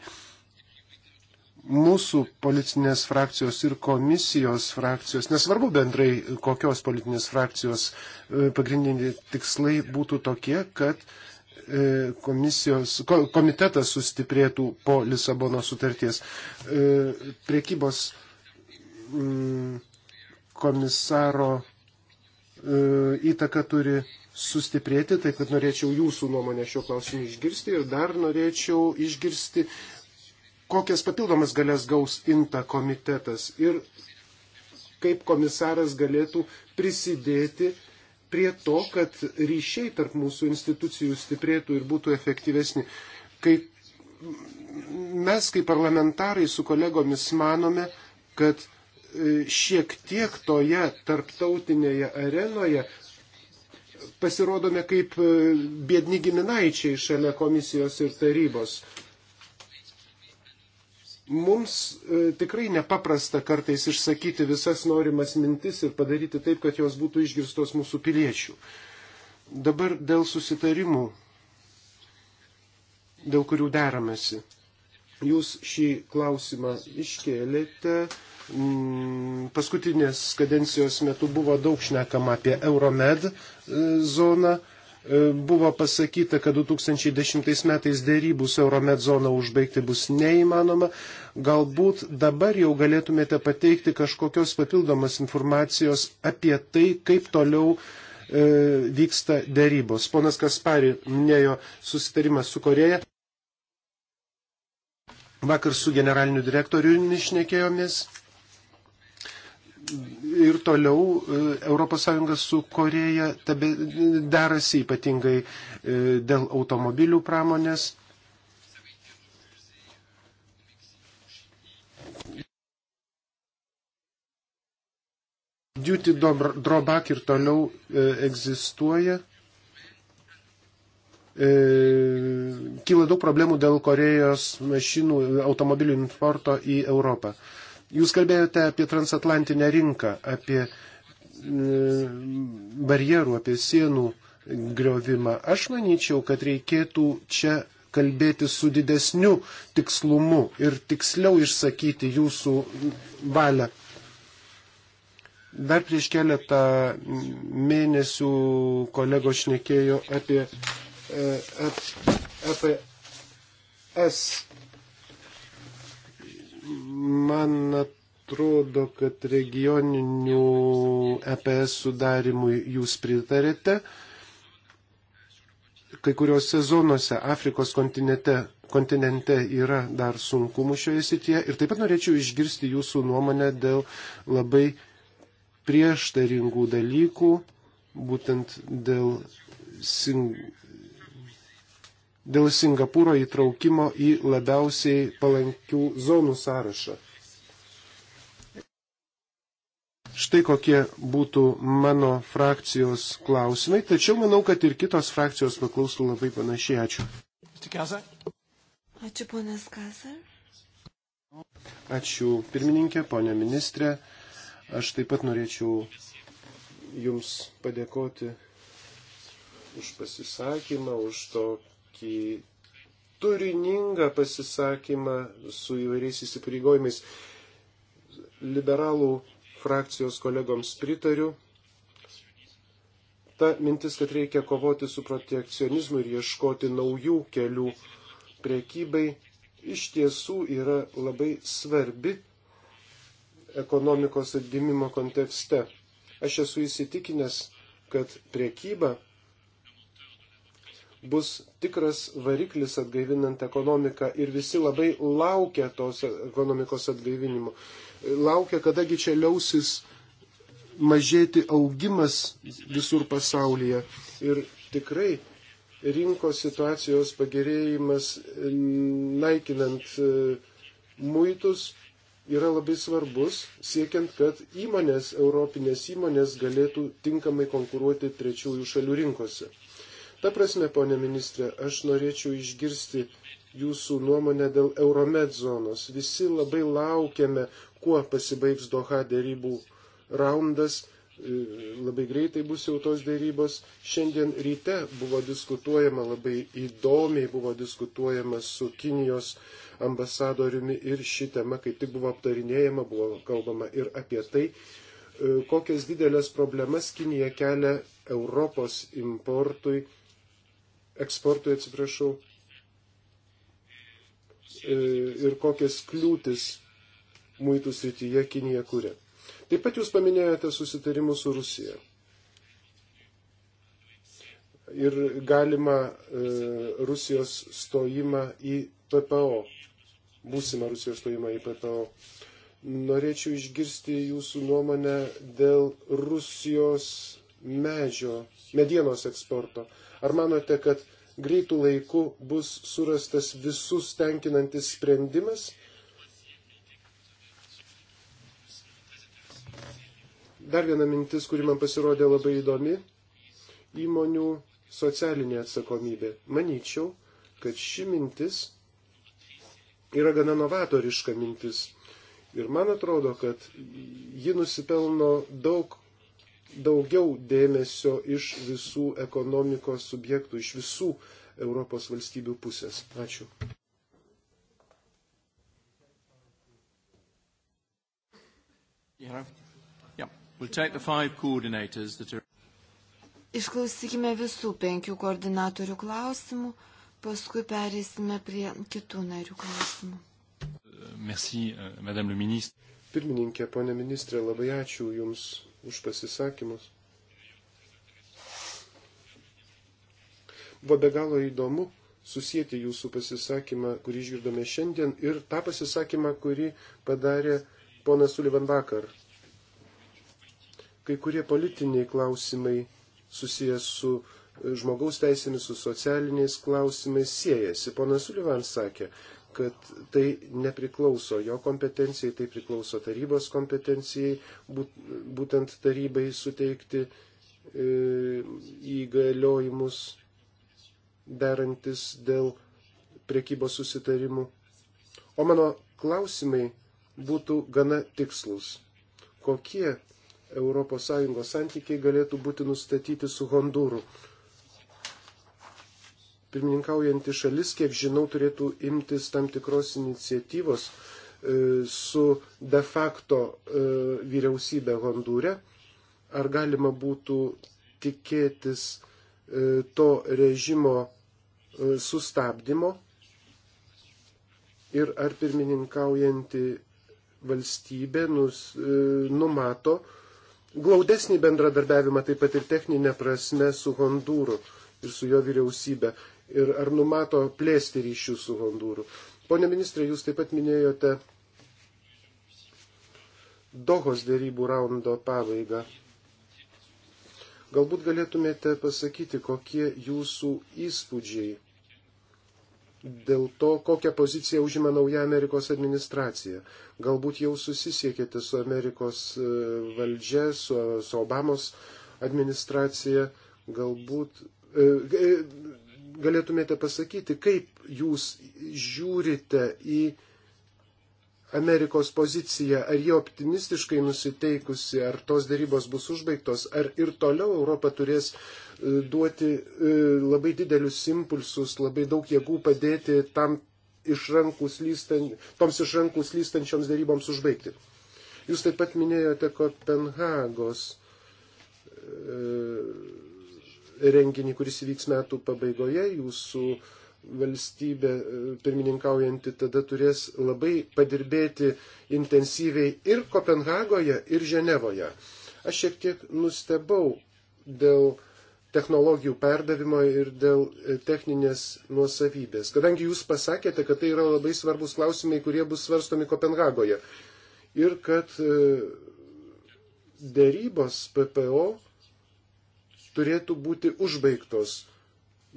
Mūsų politinės frakcijos ir komisijos frakcijos, nesvarbu bendrai kokios politinės frakcijos, e, pagrindiniai tikslai būtų tokie, kad e, komisijos, komitetas sustiprėtų po Lisabono sutarties. E, priekybos mm, komisaro e, įtaka turi sustiprėti, taip kad norėčiau jūsų nuomonę šiuo klausimu išgirsti ir dar norėčiau išgirsti, kokias papildomas galės gaus INTA komitetas ir kaip komisaras galėtų prisidėti prie to, kad ryšiai tarp mūsų institucijų stiprėtų ir būtų efektyvesni. Kai mes kaip parlamentarai su kolegomis manome, kad šiek tiek toje tarptautinėje arenoje pasirodome kaip e, biedni giminaičiai šalia komisijos ir tarybos. Mums e, tikrai nepaprasta kartais išsakyti visas norimas mintis ir padaryti taip, kad jos būtų išgirstos mūsų piliečių. Dabar dėl susitarimų, dėl kurių deramasi. Jūs šį klausimą iškėlėte Mm, paskutinės kadencijos metu buvo daug šnekama apie Euromed e, zoną. E, buvo pasakyta, kad 2010 metais dėrybų su Euromed zona užbaigti bus neįmanoma. Galbūt dabar jau galėtumėte pateikti kažkokios papildomos informacijos apie tai, kaip toliau e, vyksta dėrybos. Ponas Kaspari minėjo susitarimą su Koreja. Vakar su generaliniu direktoriumi išnekėjomės ir toliau ES su Koreja darasi ypatingai e, dėl automobilių pramonės. Duty drawback ir toliau e, egzistuoja. E, kyla daug problemų dėl Korejos mašinų automobilių importo į Europą. Jūs kalbėjote apie transatlantinę rinką, apie e, barjerų, apie sienų griovimą. Aš manyčiau, kad reikėtų čia kalbėti su didesniu tikslumu ir tiksliau išsakyti jūsų valią. Dar prieš keletą mėnesių kolego šnekėjo apie EPS e Man atrodo, kad regioninių EPS sudarimui jūs pritarėte. Kai kuriuose zonose Afrikos kontinente, kontinente yra dar sunkumų šioje srityje. Ir taip pat norėčiau išgirsti jūsų nuomonę dėl labai prieštaringų dalykų, būtent dėl sing dėl Singapūro įtraukimo į labiausiai palankių zonų sąrašą. Štai kokie būtų mano frakcijos klausimai, tačiau manau, kad ir kitos frakcijos paklaustų labai panašiai. Ačiū. Ačiū, ponas Kazar. Ačiū, pirmininkė, ponė ministrė. Aš taip pat norėčiau Jums padėkoti už pasisakymą, už to, tokį turiningą pasisakymą su įvairiais įsipareigojimais. Liberalų frakcijos kolegoms pritariu. Ta mintis, kad reikia kovoti su protekcionizmu ir ieškoti naujų kelių priekybai, iš tiesų yra labai svarbi ekonomikos atgimimo kontekste. Aš esu įsitikinęs, kad priekyba bus tikras variklis atgaivinant ekonomiką ir visi labai laukia tos ekonomikos atgaivinimo. Laukia, kadagi čia liausis mažėti augimas visur pasaulyje. Ir tikrai rinkos situacijos pagerėjimas naikinant e, muitus yra labai svarbus, siekiant, kad įmonės, europinės įmonės galėtų tinkamai konkuruoti trečiųjų šalių rinkose. Ta prasme, ponė ministrė, aš norėčiau išgirsti jūsų nuomonę dėl Euromed zonos. Visi labai laukiame, kuo pasibaigs Doha dėrybų raundas. E, labai greitai bus jau tos dėrybos. Šiandien ryte buvo diskutuojama labai įdomiai, buvo diskutuojama su Kinijos ambasadoriumi ir ši tema kaip tik buvo aptarinėjama, buvo kalbama ir apie tai, e, kokias didelės problemas Kinija kelia Europos importui eksportui, atsiprašau, e, ir kokias kliūtis muitų srityje Kinija kūrė. Taip pat jūs paminėjote susitarimus su Rusija. Ir galima e, Rusijos stojimą į PPO, būsimą Rusijos stojimą į PPO. Norėčiau išgirsti jūsų nuomonę dėl Rusijos medžio, medienos eksporto. Uh, Ar manote, kad greitų laikų bus surastas visus tenkinantis sprendimas? Dar viena mintis, kuri man pasirodė labai įdomi - įmonių socialinė atsakomybė. Manyčiau, kad ši mintis yra gana novatoriška mintis. Ir man atrodo, kad ji nusipelno daug daugiau dėmesio iš visų ekonomikos subjektų, iš visų Europos valstybių pusės. Ačiū. Išklausykime visų penkių koordinatorių klausimų, paskui perėsime prie kitų narių klausimų. Uh, merci, uh, Madame le Ministre. Pirmininkė, ponė ministrė, labai ačiū Jums už pasisakymus. Buvo be galo įdomu susijęti Jūsų pasisakymą, kurį išgirdome šiandien, ir tą pasisakymą, kurį padarė ponas Sulivan vakar. Kai kurie politiniai klausimai susijęs su e, žmogaus teisėmis, su socialiniais klausimais siejasi. Ponas Sulivan sakė, kad tai nepriklauso jo kompetencijai, tai priklauso tarybos kompetencijai, būtent tarybai suteikti e, įgaliojimus derantis dėl priekybos susitarimų. O mano klausimai būtų gana tikslus. Kokie ES santykiai galėtų būti nustatyti su Hondūru? pirmininkaujanti šalis, kiek žinau, turėtų imtis tam tikros iniciatyvos e, su de facto e, vyriausybė Hondūre. Ar galima būtų tikėtis e, to režimo sustabdymo ir ar pirmininkaujanti valstybė nus, numato glaudesnį bendradarbiavimą taip pat ir techninę prasme su Hondūru ir su jo vyriausybė ir ar numato plėsti ryšių su Hondūru. Pone ministrė, jūs taip pat minėjote Dohos dėrybų raundo pabaigą. Galbūt galėtumėte pasakyti, kokie jūsų įspūdžiai dėl to, kokią poziciją užima nauja Amerikos administracija. Galbūt jau susisiekėte su Amerikos e, valdžia, su, su Obamos administracija, galbūt. E, e, galėtumėte pasakyti, kaip jūs žiūrite į Amerikos poziciją, ar jie optimistiškai nusiteikusi, ar tos darybos bus užbaigtos, ar ir toliau Europa turės e, duoti e, labai didelius impulsus, labai daug jėgų padėti tam iš rankų slystan, toms iš rankų slystančioms daryboms užbaigti. Jūs taip pat minėjote Kopenhagos e, renginį, kuris įvyks metų pabaigoje. Jūsų valstybė e, pirmininkaujanti tada turės labai padirbėti intensyviai ir Kopenhagoje, ir Ženevoje. Aš šiek tiek nustebau dėl technologijų perdavimo ir dėl e, techninės nuosavybės. Kadangi jūs pasakėte, kad tai yra labai svarbus klausimai, kurie bus svarstomi Kopenhagoje. Ir kad e, dėrybos PPO turėtų būti užbaigtos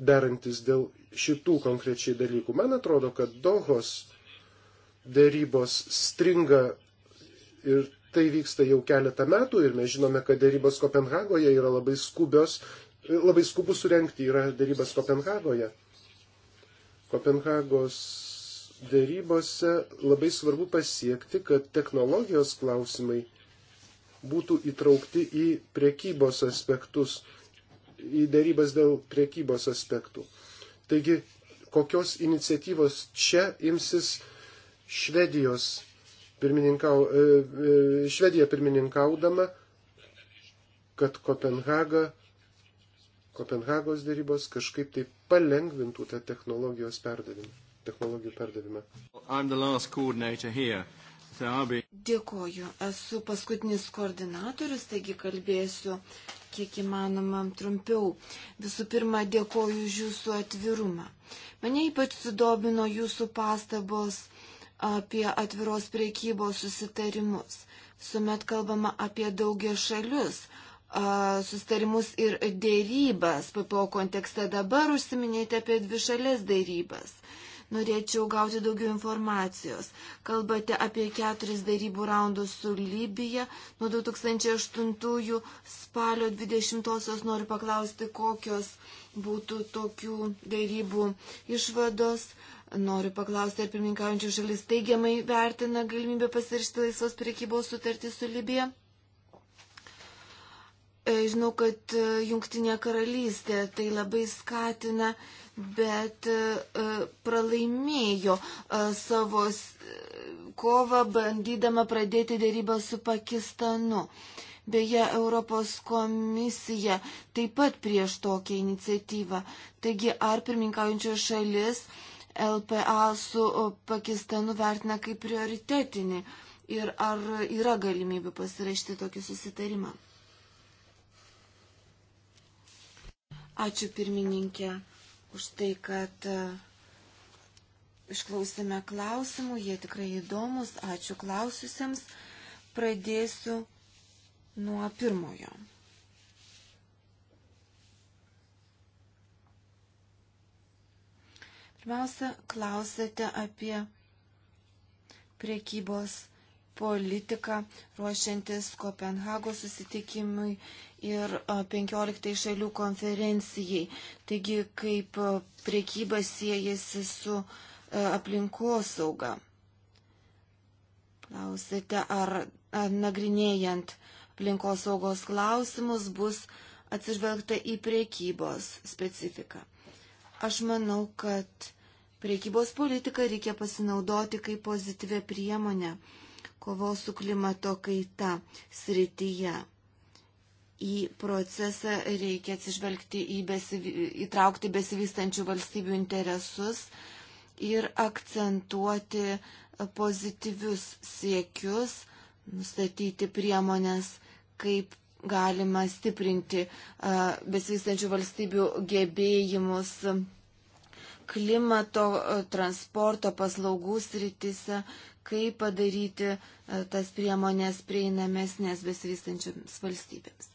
derantis dėl šitų konkrečiai dalykų. Man atrodo, kad Dohos dėrybos stringa ir tai vyksta jau keletą metų ir mes žinome, kad dėrybos Kopenhagoje yra labai skubios, labai skubu surenkti yra dėrybas Kopenhagoje. Kopenhagos dėrybose labai svarbu pasiekti, kad technologijos klausimai būtų įtraukti į priekybos aspektus į dėrybas dėl priekybos aspektų. Taigi, kokios iniciatyvos čia imsis Švedijos pirmininkau, e, e, Švedija pirmininkaudama, kad Kopenhaga, Kopenhagos dėrybos kažkaip tai palengvintų tą technologijos perdavimą. Technologijų perdavimą. Dėkoju, esu paskutinis koordinatorius, taigi kalbėsiu kiek įmanoma trumpiau. Visų pirma, dėkoju už jūsų atvirumą. Mane ypač sudomino jūsų pastabos apie atviros priekybos susitarimus. Sumet kalbama apie daugia šalius susitarimus ir dėrybas. PPO kontekste dabar užsiminėte apie dvi šalės dėrybas. Uh, Norėčiau gauti daugiau informacijos. Kalbate apie keturis darybų raundus su Libija. Nuo 2008 spalio 20 noriu paklausti, kokios būtų tokių darybų išvados. Noriu paklausti, ar pirmininkaujančių šalis teigiamai vertina galimybę pasirašyti laisvos priekybos sutartį su Libija. E, žinau, kad e, Junktinė karalystė tai labai skatina bet e, e, pralaimėjo e, savo kovą bandydama pradėti dėrybą su Pakistanu. Beje, Europos komisija taip pat prieš tokią iniciatyvą. Taigi, ar pirmininkaujančioji šalis LPA su Pakistanu vertina kaip prioritetinį ir ar yra galimybė pasirašyti tokį susitarimą? Ačiū pirmininkė už tai, kad e, išklausėme klausimų, jie tikrai įdomus. Ačiū klausiusiems. Pradėsiu nuo pirmojo. Pirmiausia, klausėte apie priekybos politiką ruošiantis Kopenhagos susitikimui ir 15 šalių konferencijai. Taigi, kaip priekyba siejasi su aplinkosauga. Klausite, ar, ar nagrinėjant aplinkosaugos klausimus bus atsižvelgta į priekybos specifiką. Aš manau, kad priekybos politiką reikia pasinaudoti kaip pozityvę priemonę kovos su klimato kaita srityje. Į procesą reikia atsižvelgti į besiv... įtraukti besivystančių valstybių interesus ir akcentuoti pozityvius siekius, nustatyti priemonės, kaip galima stiprinti besivystančių valstybių gebėjimus klimato, e, transporto paslaugų sritise, kaip padaryti e, tas priemonės prieinamesnės besivystančiams valstybėms.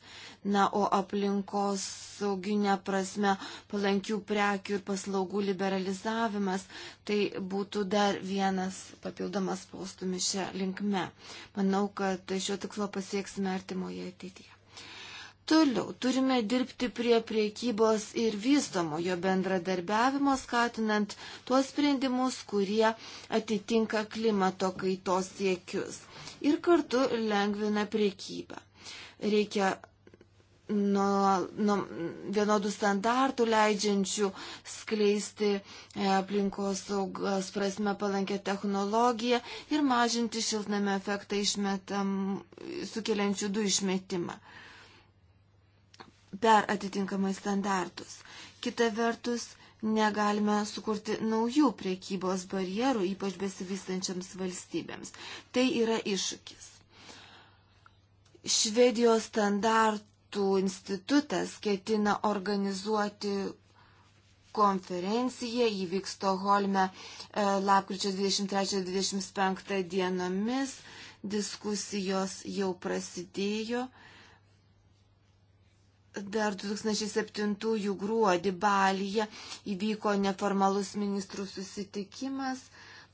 Na, o aplinkos sauginė prasme palankių prekių ir paslaugų liberalizavimas, tai būtų dar vienas papildomas postumis šią linkme. Manau, kad šio tikslo pasieksime artimoje ateityje. Toliau turime dirbti prie priekybos ir vystomojo bendradarbiavimo, skatinant tuos sprendimus, kurie atitinka klimato kaitos siekius ir kartu lengvina priekybą. Reikia nuo, nuo vienodų standartų leidžiančių skleisti e, aplinkos saugos prasme palankę technologiją ir mažinti šiltnamio efektą išmetam, sukeliančių dujų išmetimą per atitinkamai standartus. Kita vertus, negalime sukurti naujų priekybos barjerų, ypač besivystančiams valstybėms. Tai yra iššūkis. Švedijos standartų institutas ketina organizuoti konferencija įvyks Stoholme e, lapkričio 23-25 dienomis. Diskusijos jau prasidėjo Dar 2007 gruodį Balyje įvyko neformalus ministrų susitikimas,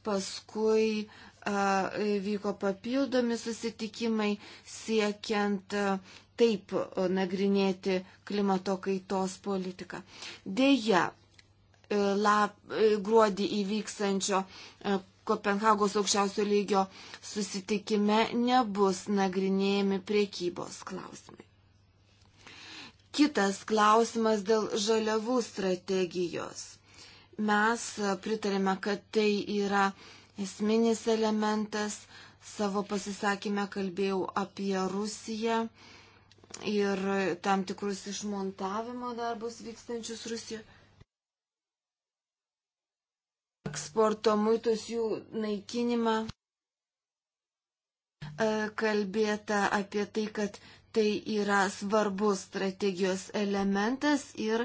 paskui a, vyko papildomi susitikimai siekiant a, taip nagrinėti klimato kaitos politiką. Deja, e, lap, e, gruodį įvyksančio e, Kopenhagos aukščiausio lygio susitikime nebus nagrinėjami priekybos klausimai. Kitas klausimas dėl žaliavų strategijos. Mes pritarėme, kad tai yra esminis elementas. Savo pasisakymę kalbėjau apie Rusiją ir tam tikrus išmontavimo darbus vykstančius Rusijoje. Eksporto muitus jų naikinimą. E, kalbėta apie tai, kad tai yra svarbus strategijos elementas ir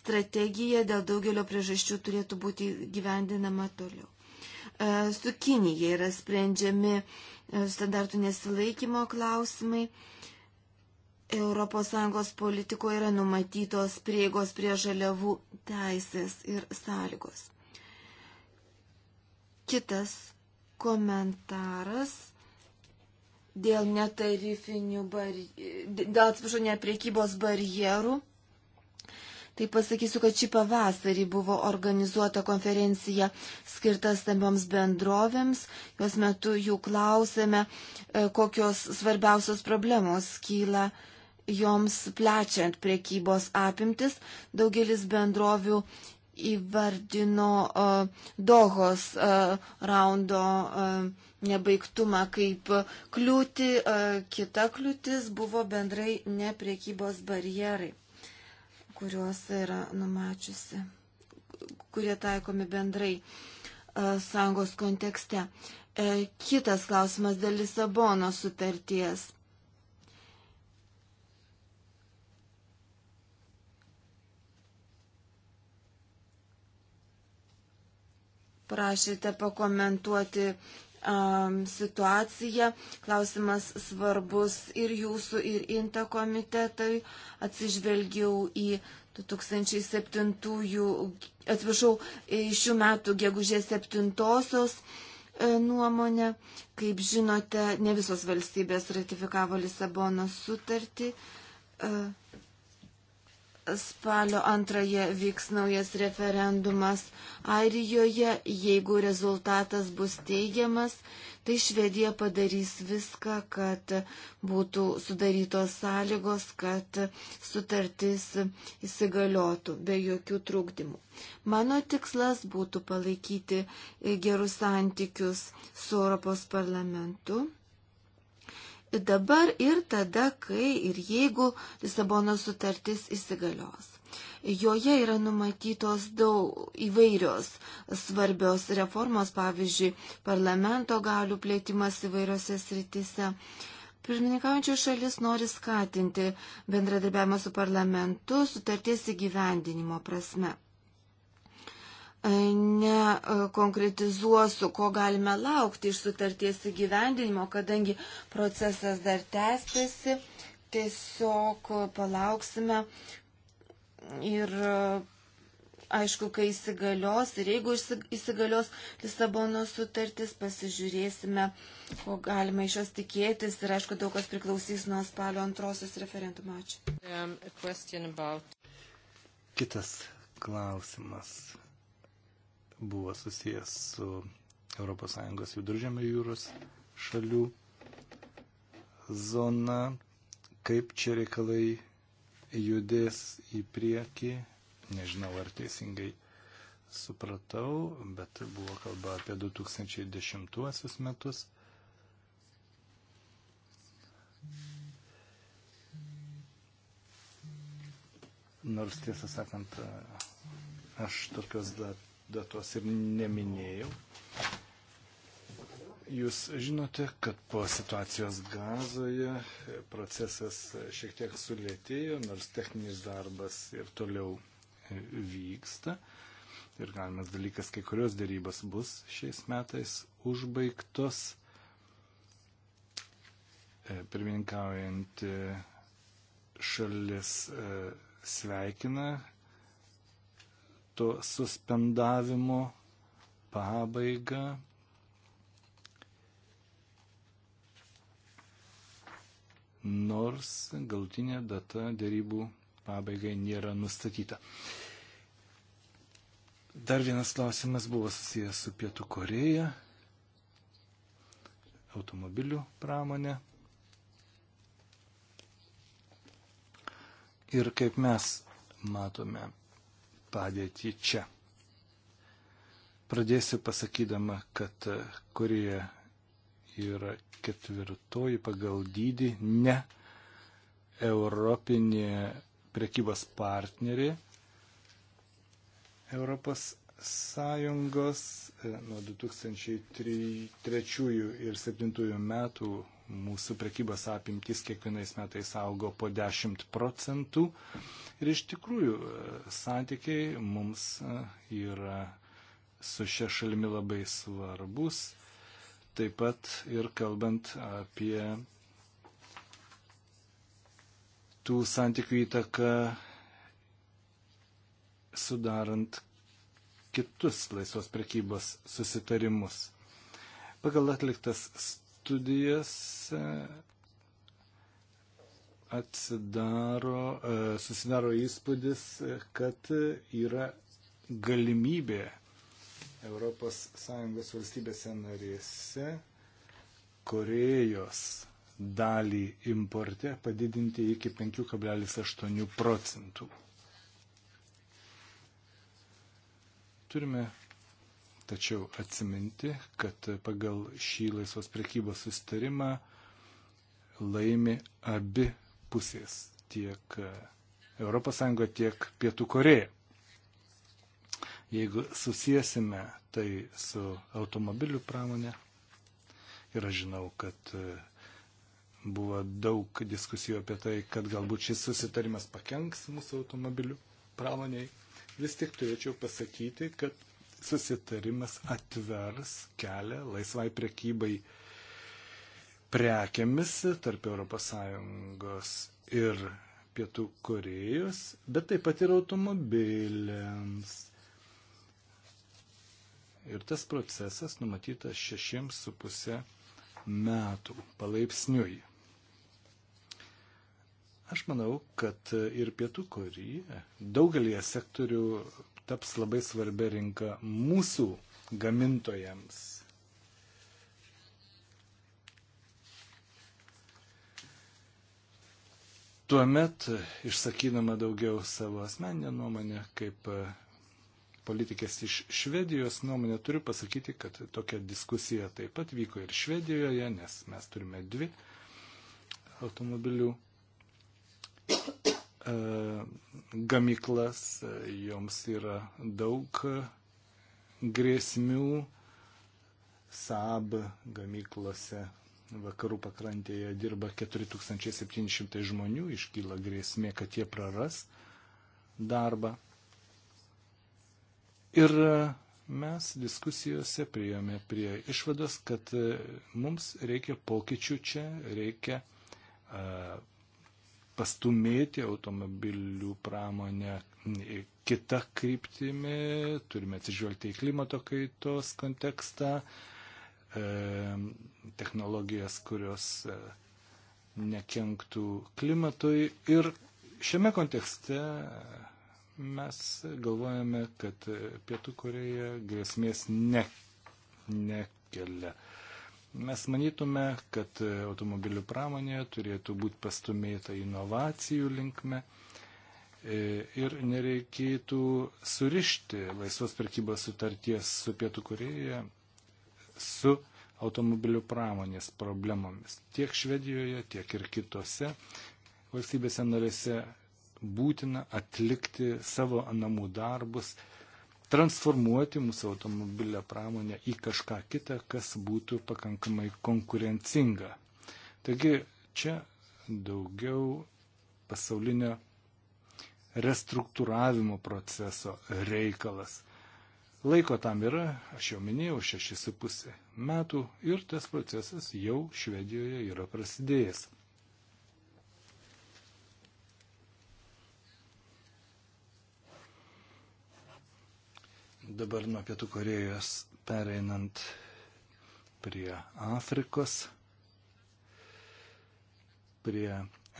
strategija dėl daugelio priežasčių turėtų būti gyvendinama toliau. E, su Kinija yra sprendžiami e, standartų nesilaikymo klausimai. ES politikoje yra numatytos prieigos prie žaliavų teisės ir sąlygos. Kitas komentaras dėl netarifinių, bar... dėl atsiprašau, nepriekybos barjerų. Tai pasakysiu, kad šį pavasarį buvo organizuota konferencija skirta stambioms bendrovėms. Jos metu jų klausėme, e, kokios svarbiausios problemos kyla joms plečiant priekybos apimtis. Daugelis bendrovių įvardino uh, Dohos uh, raundo uh, nebaigtumą kaip kliūtį. Kita kliūtis buvo bendrai nepriekybos barjerai, kuriuos yra numačiusi, kurie taikomi bendrai sąjungos kontekste. E, kitas klausimas dėl Lisabono sutarties. prašėte pakomentuoti um, situaciją. Klausimas svarbus ir jūsų, ir INTA komitetui. Atsižvelgiau į 2007, atsiprašau, šių metų gegužės 7-osios e, nuomonę. Kaip žinote, ne visos valstybės ratifikavo Lisabono sutartį. Uh, spalio antrąją vyks naujas referendumas Airijoje. Jeigu rezultatas bus teigiamas, tai Švedija padarys viską, kad būtų sudarytos sąlygos, kad sutartis įsigaliotų be jokių trūkdymų. Mano tikslas būtų palaikyti gerus santykius su Europos parlamentu dabar ir tada, kai ir jeigu Lisabono sutartis įsigalios. Joje yra numatytos daug įvairios svarbios reformos, pavyzdžiui, parlamento galių plėtimas įvairiose sritise. Pirmininkaujančio šalis nori skatinti bendradarbiavimą su parlamentu sutarties įgyvendinimo prasme nekonkretizuosiu, e, ko galime laukti iš sutarties įgyvendinimo, kadangi procesas dar tęstėsi, tiesiog palauksime ir e, aišku, kai įsigalios ir jeigu įsigalios Lisabono sutartis, pasižiūrėsime, ko galima iš jos tikėtis ir aišku, daug kas priklausys nuo spalio antrosios referendumo. Ačiū. Um, about... Kitas klausimas buvo susijęs su ES viduržėmio jūros šalių zona, kaip čia reikalai judės į priekį, nežinau ar teisingai supratau, bet buvo kalba apie 2010 metus. Nors tiesą sakant, aš tokios dat datos ir neminėjau. Jūs žinote, kad po situacijos gazoje procesas šiek tiek sulėtėjo, nors techninis darbas ir toliau vyksta. Ir galimas dalykas, kai kurios dėrybos bus šiais metais užbaigtos. E, Pirmininkaujant šalis e, sveikina kontraktų suspendavimo pabaigą. Nors galtinė data dėrybų pabaigai nėra nustatyta. Dar vienas klausimas buvo susijęs su Pietų Koreja, automobilių pramonė. Ir kaip mes matome padėtį čia. Pradėsiu pasakydama, kad e, Korėja yra ketvirtoji pagal dydį ne europinė prekybos partnerė Europos Sąjungos e, nuo 2003 ir 2007 metų Mūsų prekybos apimtis kiekvienais metais augo po 10 procentų. Ir iš tikrųjų e, santykiai mums e, yra su šia šalimi labai svarbus. Taip pat ir kalbant apie tų santykių įtaką sudarant kitus laisvos prekybos susitarimus. Pagal atliktas studijas atsidaro, e, susidaro įspūdis, kad yra galimybė ES valstybėse narėse Korejos dalį importe padidinti iki 5,8 procentų. Turime Tačiau atsiminti, kad pagal šį laisvos prekybos sustarimą laimi abi pusės tiek ES, tiek Pietų Koreja. Jeigu susijęsime tai su automobilių pramonė, ir aš žinau, kad e, buvo daug diskusijų apie tai, kad galbūt šis susitarimas pakenks mūsų automobilių pramoniai, vis tik turėčiau pasakyti, kad susitarimas atvers kelią laisvai prekybai prekiamis tarp ES ir Pietų Korejos, bet taip pat ir automobiliams. Ir tas procesas numatytas šešiems su pusė metų palaipsniui. Aš manau, kad ir Pietų Korija daugelie sektorių taps labai svarbia rinka mūsų gamintojams. Tuomet, išsakydama daugiau savo asmeninę nuomonę, kaip e, politikės iš Švedijos nuomonę, turiu pasakyti, kad tokia diskusija taip pat vyko ir Švedijoje, nes mes turime dvi automobilių E, gamyklas, e, joms yra daug grėsmių. Saab gamyklose vakarų pakrantėje dirba 4700 žmonių, iškyla grėsmė, kad jie praras darbą. Ir mes diskusijose priėmė prie išvados, kad mums reikia pokyčių čia, reikia e, pastumėti automobilių pramonę kitą kryptimį, turime atsižvelgti į klimato kaitos kontekstą, e, technologijas, kurios e, nekenktų klimatui. Ir šiame kontekste e, mes galvojame, kad Pietų Koreja grėsmės ne, nekelia. Ne Mes manytume, kad automobilių pramonė turėtų būti pastumėta inovacijų linkme e, ir nereikėtų surišti laisvos prekybos sutarties su Pietų Koreja su automobilių pramonės problemomis. Tiek Švedijoje, tiek ir kitose valstybėse narėse būtina atlikti savo namų darbus, transformuoti mūsų automobilio pramonę į kažką kitą, kas būtų pakankamai konkurencinga. Taigi čia daugiau pasaulinio restruktūravimo proceso reikalas. Laiko tam yra, aš jau minėjau, 6,5 metų ir tas procesas jau Švedijoje yra prasidėjęs. Dabar nuo Pietų Korejos pereinant prie Afrikos, prie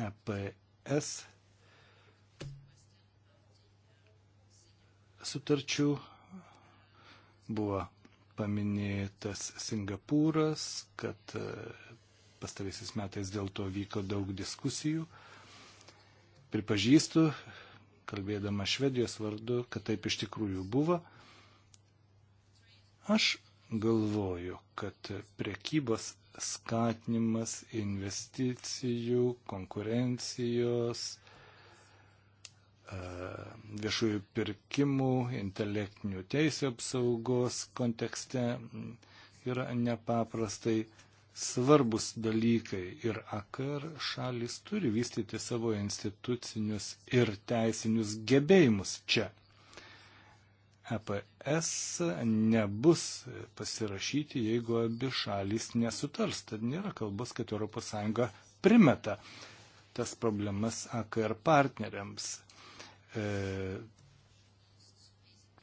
EPS sutarčių buvo paminėtas Singapūras, kad e, pastarysis metais dėl to vyko daug diskusijų. Pripažįstu, kalbėdama Švedijos vardu, kad taip iš tikrųjų buvo. Aš galvoju, kad prekybos skatinimas investicijų, konkurencijos, e, viešųjų pirkimų, intelektinių teisų apsaugos kontekste yra nepaprastai svarbus dalykai ir AKR šalis turi vystyti savo institucinius ir teisinius gebėjimus čia. EPS nebus pasirašyti, jeigu abi šalys nesutars. Tad nėra kalbos, kad ES primeta tas problemas AKR partneriams. E,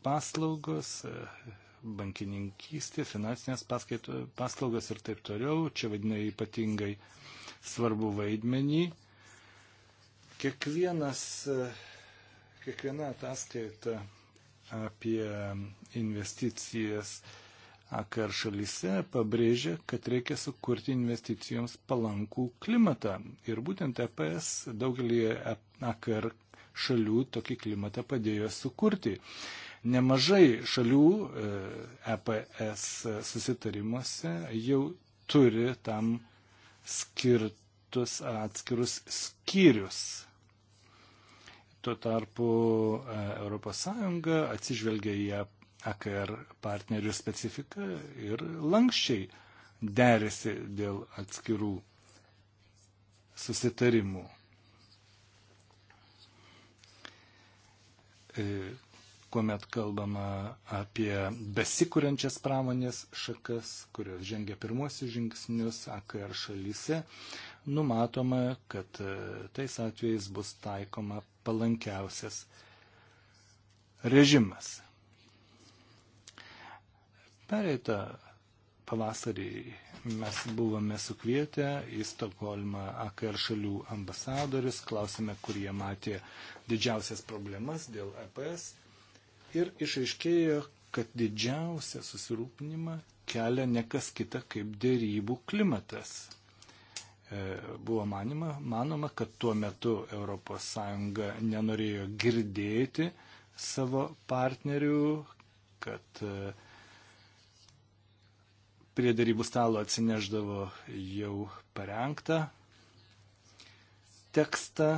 paslaugos, e, bankininkystė, finansinės paskaitų, paslaugos ir taip toliau. Čia vadina ypatingai svarbu vaidmenį. Kiekvienas, e, kiekviena ataskaita apie investicijas AKR šalyse pabrėžia, kad reikia sukurti investicijoms palankų klimatą. Ir būtent EPS daugelį AKR šalių tokį klimatą padėjo sukurti. Nemažai šalių EPS e susitarimuose jau turi tam skirtus atskirus skyrius. Tuo tarpu ES atsižvelgia į AKR partnerių specifiką ir lankščiai derėsi dėl atskirų susitarimų. E, kuomet kalbama apie besikūrenčias pramonės šakas, kurios žengia pirmosius žingsnius AKR šalyse, numatoma, kad e, tais atvejais bus taikoma palankiausias režimas. Pereitą pavasarį mes buvome sukvietę į Stokholmą AKR šalių ambasadorius, klausėme, kur jie matė didžiausias problemas dėl EPS ir išaiškėjo, kad didžiausią susirūpinimą kelia nekas kita kaip dėrybų klimatas. E, buvo manima, manoma, kad tuo metu ES nenorėjo girdėti savo partnerių, kad e, prie darybų stalo atsineždavo jau parengtą tekstą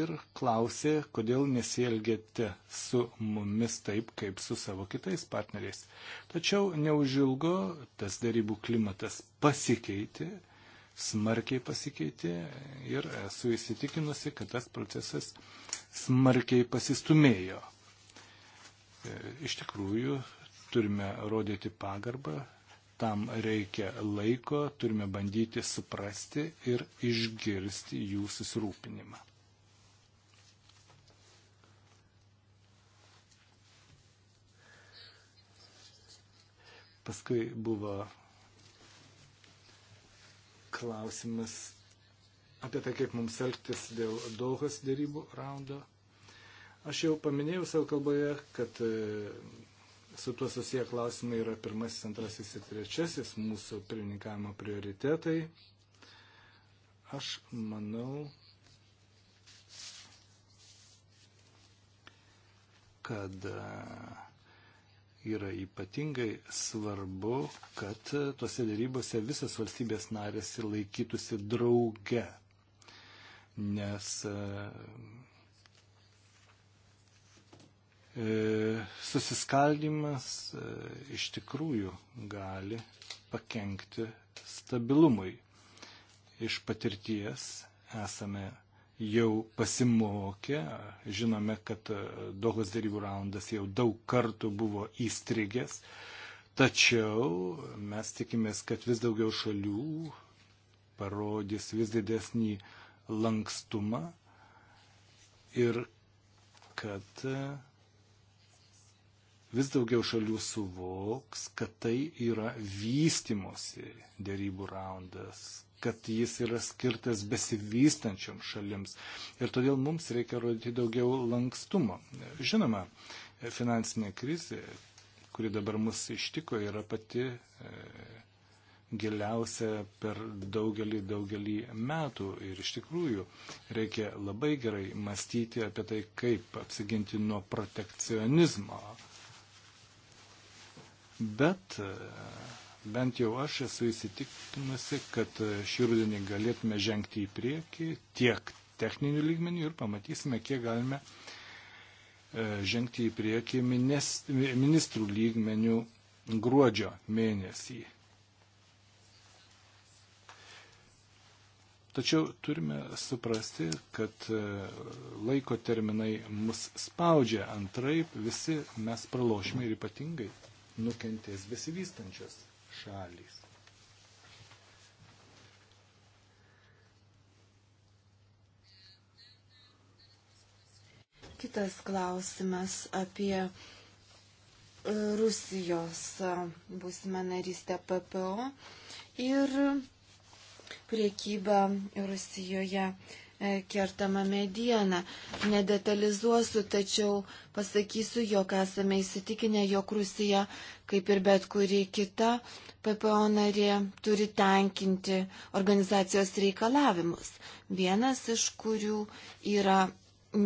ir klausė, kodėl nesielgėte su mumis taip, kaip su savo kitais partneriais. Tačiau neužilgo tas darybų klimatas pasikeitė smarkiai pasikeitė ir esu įsitikinusi, kad tas procesas smarkiai pasistumėjo. E, iš tikrųjų, turime rodyti pagarbą, tam reikia laiko, turime bandyti suprasti ir išgirsti jų susirūpinimą. Paskui buvo klausimas apie tai, kaip mums elgtis dėl Dohas dėrybų raundo. Aš jau paminėjau savo kalboje, kad e, su tuo susiję klausimai yra pirmasis, antrasis ir trečiasis mūsų pirmininkavimo prioritetai. Aš manau, kad uh, yra ypatingai svarbu, kad tuose dėrybose visas valstybės narės ir laikytųsi drauge. Nes e, susiskaldimas e, iš tikrųjų gali pakengti stabilumui. Iš patirties esame jau pasimokę. Žinome, kad e, Dohos dėrybų raundas jau daug kartų buvo įstrigęs. Tačiau mes tikimės, kad vis daugiau šalių parodys vis didesnį lankstumą ir kad e, vis daugiau šalių suvoks, kad tai yra vystimosi dėrybų raundas, kad jis yra skirtas besivystančiom šalims. Ir todėl mums reikia rodyti daugiau lankstumo. Žinoma, finansinė krizė, kuri dabar mus ištiko, yra pati e, giliausia per daugelį, daugelį metų. Ir iš tikrųjų reikia labai gerai mąstyti apie tai, kaip apsiginti nuo protekcionizmo. Bet e, Bent jau aš esu įsitikinusi, kad šį rudenį galėtume žengti į priekį tiek techninių lygmenių ir pamatysime, kiek galime e, žengti į priekį ministrų lygmenių gruodžio mėnesį. Tačiau turime suprasti, kad e, laiko terminai mus spaudžia, antraip visi mes pralošime ir ypatingai nukentės besivystančios šalys. Kitas klausimas apie e, Rusijos e, būsimą narystę PPO ir priekybą Rusijoje E, kertama mediena. Nedetalizuosiu, tačiau pasakysiu, jog esame įsitikinę, jog Rusija, kaip ir bet kuri kita PPO narė, turi tenkinti organizacijos reikalavimus. Vienas iš kurių yra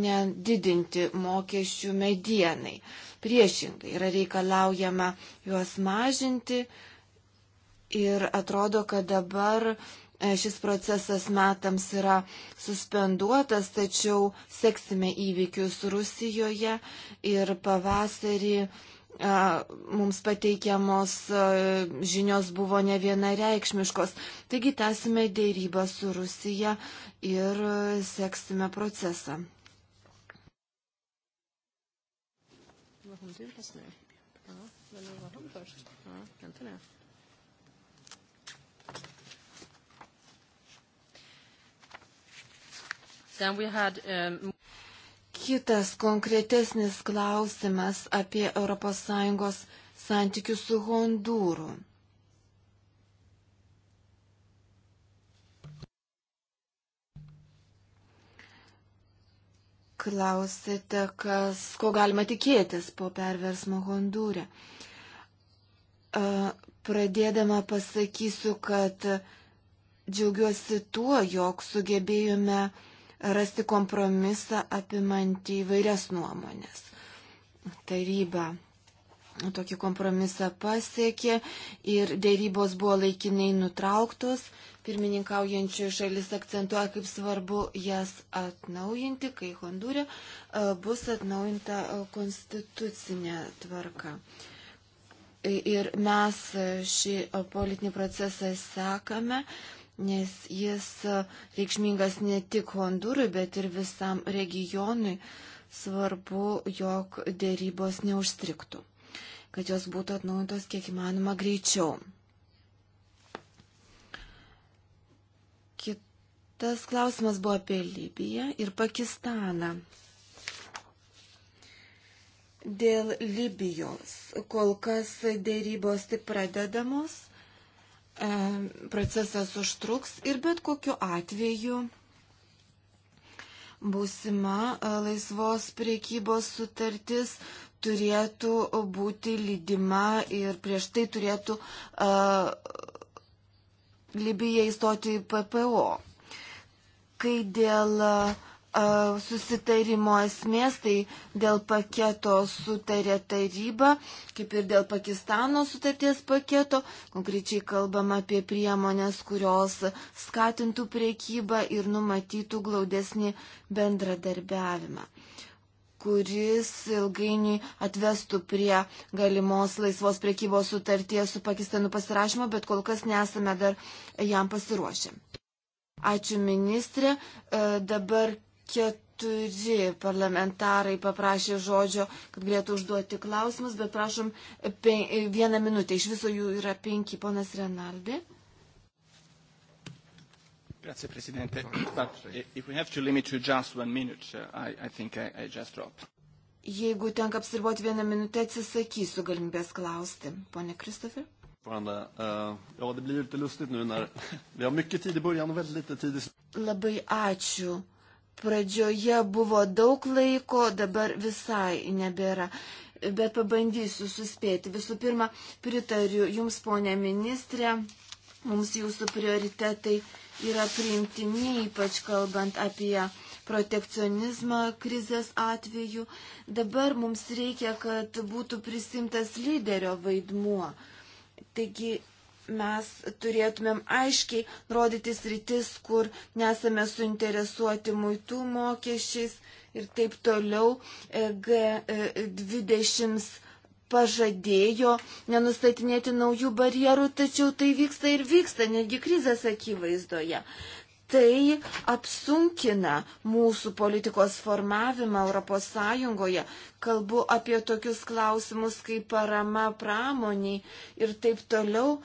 nedidinti mokesčių medienai. Priešingai yra reikalaujama juos mažinti ir atrodo, kad dabar E, šis procesas metams yra suspenduotas, tačiau seksime įvykius Rusijoje ir pavasarį e, mums pateikiamos e, žinios buvo ne vienareikšmiškos. Taigi tęsime dėrybą su Rusija ir seksime procesą. Vad har du läst nu? Ja, men vad har du först? Ja, vänta nu. Then we had, um... Kitas konkretesnis klausimas apie ES santykius su Hondūru. Klausėte, kas, ko galima tikėtis po perversmo Hondūre. Pradėdama pasakysiu, kad džiaugiuosi tuo, jog sugebėjome uh, rasti kompromisą apimantį įvairias nuomonės. Taryba tokį kompromisą pasiekė ir dėrybos buvo laikinai nutrauktos. Pirmininkaujančioji šalis akcentuoja, kaip svarbu jas atnaujinti, kai Hondūrė e, bus atnaujinta e, konstitucinė tvarka. E, ir mes šį politinį procesą sekame nes jis e, reikšmingas ne tik Hondūrui, bet ir visam regionui. Svarbu, jog dėrybos neužstriktų, kad jos būtų atnaujintos kiek įmanoma greičiau. Kitas klausimas buvo apie Libiją ir Pakistaną. Dėl Libijos kol kas dėrybos tik pradedamos E, procesas užtruks ir bet kokiu atveju būsima e, laisvos priekybos sutartis turėtų būti lydima ir prieš tai turėtų uh, Libija įstoti į PPO. Kai dėl uh, susitarimo esmės, tai dėl paketo sutarė taryba, kaip ir dėl Pakistano sutarties paketo, konkrečiai kalbam apie priemonės, kurios skatintų priekybą ir numatytų glaudesnį bendradarbiavimą kuris ilgainiui atvestų prie galimos laisvos priekybos sutarties su Pakistanu pasirašymo, bet kol kas nesame dar jam pasiruošę. Ačiū ministrė. E, dabar Keturi parlamentarai paprašė žodžio, kad galėtų užduoti klausimus, bet prašom pen, vieną minutę. Iš viso jų yra penki, ponas Renaldi. Grazie Presidente. But if we have to limit to just one minute, uh, I, I think I, I just dropped. Jeigu tenka apsiriboti vieną minutę, atsisakysiu galimybės klausti. Pone Kristofer? Fortfarande. Uh, ja, det blir ju lite lustigt nu när vi har mycket tid i början och väldigt lite tid i slutet. Labai ačiū. Pradžioje buvo daug laiko, dabar visai nebėra. Bet pabandysiu suspėti. Visų pirma, pritariu Jums, ponė ministrė, mums Jūsų prioritetai yra priimtini, ypač kalbant apie protekcionizmą krizės atveju. Dabar mums reikia, kad būtų prisimtas lyderio vaidmuo. Taigi mes turėtumėm aiškiai rodyti sritis, kur nesame suinteresuoti muitų mokesčiais ir taip toliau. E, G20 e, pažadėjo nenustatinėti naujų barjerų, tačiau tai vyksta ir vyksta, netgi krizės akivaizdoje. Tai apsunkina mūsų politikos formavimą ES. Kalbu apie tokius klausimus kaip parama pramoniai ir taip toliau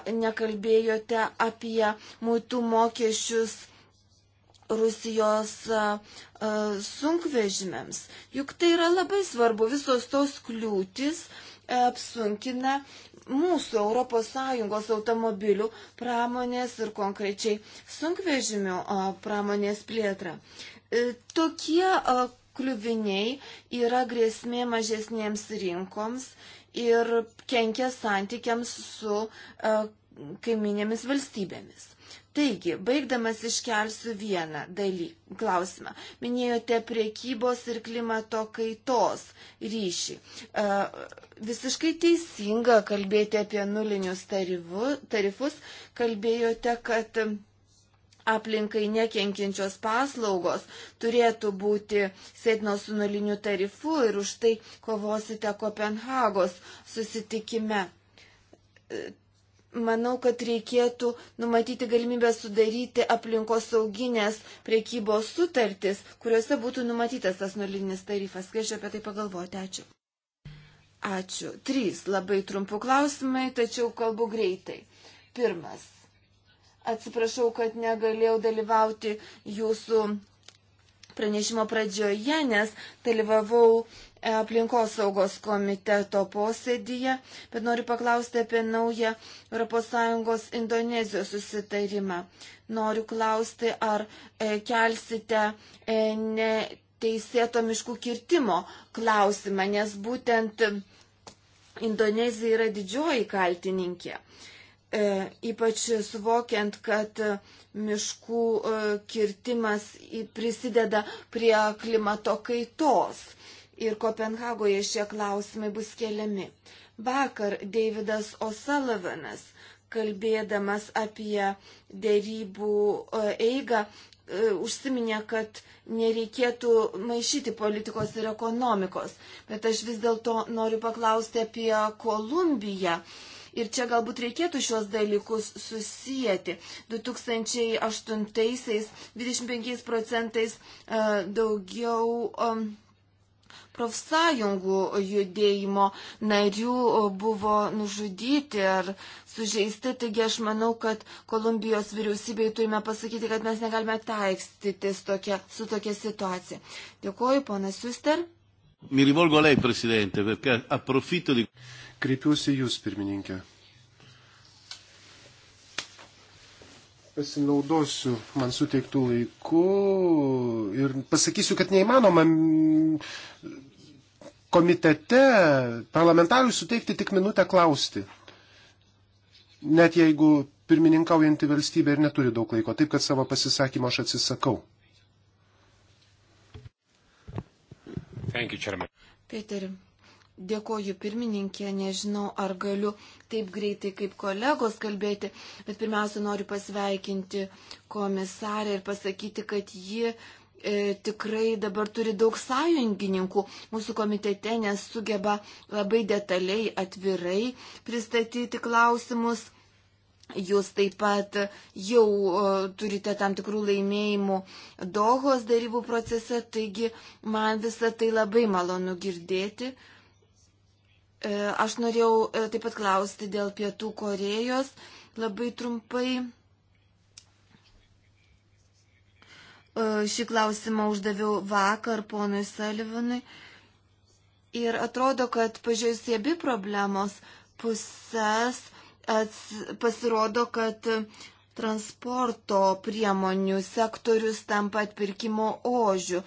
nekalbėjote apie muitų mokesčius Rusijos sunkvežimiams. Juk tai yra labai svarbu, visos tos kliūtis e, apsunkina mūsų ES automobilių pramonės ir konkrečiai sunkvežimių pramonės plėtrą. E, tokie kliuviniai yra grėsmė mažesnėms rinkoms ir kenkia santykiams su uh, kaiminėmis valstybėmis. Taigi, baigdamas iškelsiu vieną daly klausimą. Minėjote priekybos ir klimato kaitos ryšį. E, visiškai teisinga kalbėti apie nulinius tarifu, tarifus. Kalbėjote, kad aplinkai nekenkiančios paslaugos turėtų būti sėtinos su nuliniu tarifu ir už tai kovosite Kopenhagos susitikime. E, manau, kad reikėtų numatyti galimybę sudaryti aplinkos sauginės priekybos sutartis, kuriuose būtų numatytas tas nulinis tarifas. Kviečiu apie tai pagalvoti. Ačiū. Ačiū. Trys labai trumpų klausimai, tačiau kalbu greitai. Pirmas. Atsiprašau, kad negalėjau dalyvauti jūsų pranešimo pradžioje, nes dalyvavau e, aplinkosaugos komiteto posėdyje, bet noriu paklausti apie naują ES Indonezijos susitarimą. Noriu klausti, ar e, kelsite e, neteisėto miškų kirtimo klausimą, nes būtent Indonezija yra didžioji kaltininkė. E, ypač suvokiant, kad miškų e, kirtimas prisideda prie klimato kaitos. Ir Kopenhagoje šie klausimai bus keliami. Vakar Davidas O'Sullivanas, kalbėdamas apie dėrybų e, eigą, užsiminė, kad nereikėtų maišyti politikos ir ekonomikos. Bet aš vis dėlto noriu paklausti apie Kolumbiją. Uh, Ir čia galbūt reikėtų šios dalykus susijęti. 2008-aisiais 25 procentais e, daugiau um, profsąjungų judėjimo narių e, buvo nužudyti ar sužeisti. Taigi aš manau, kad Kolumbijos vyriausybei turime pasakyti, kad mes negalime taikstytis tokia, su tokia situacija. Dėkuoju, ponas Siuster. Mi rivolgo a lei, Presidente, perché approfitto di. Kreipiuosi jūs, pirmininkė. Pasinaudosiu man suteiktų laikų ir pasakysiu, kad neįmanoma mm, komitete parlamentarui suteikti tik minutę klausti. Net jeigu pirmininkaujanti valstybė ir neturi daug laiko, taip kad savo pasisakymą aš atsisakau. Thank you, Chairman. Peter, dėkoju pirmininkė, nežinau, ar galiu taip greitai kaip kolegos kalbėti, bet pirmiausia noriu pasveikinti komisarę ir pasakyti, kad ji e, tikrai dabar turi daug sąjungininkų. Mūsų komitete nesugeba labai detaliai, atvirai pristatyti klausimus. Jūs taip pat jau turite tam tikrų laimėjimų Dohos darybų procese, taigi man visą tai labai malonu girdėti. E, aš norėjau e, taip pat klausti dėl Pietų Korejos labai trumpai. E, šį klausimą uždaviau vakar ponui Salivanui. Ir atrodo, kad pažiūrėjus į abi problemos pusės, pasirodo, kad transporto priemonių sektorius tampa atpirkimo ožių,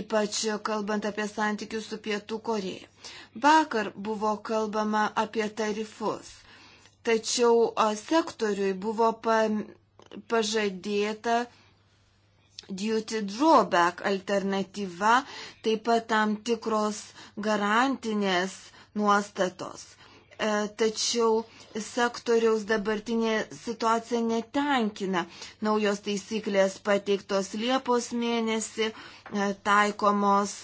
ypač kalbant apie santykius su Pietų Koreja. Vakar buvo kalbama apie tarifus, tačiau sektoriui buvo pa, pažadėta duty drawback alternatyva, taip pat tam tikros garantinės nuostatos. E, tačiau sektoriaus dabartinė situacija netenkina. Naujos taisyklės pateiktos Liepos mėnesį, e, taikomos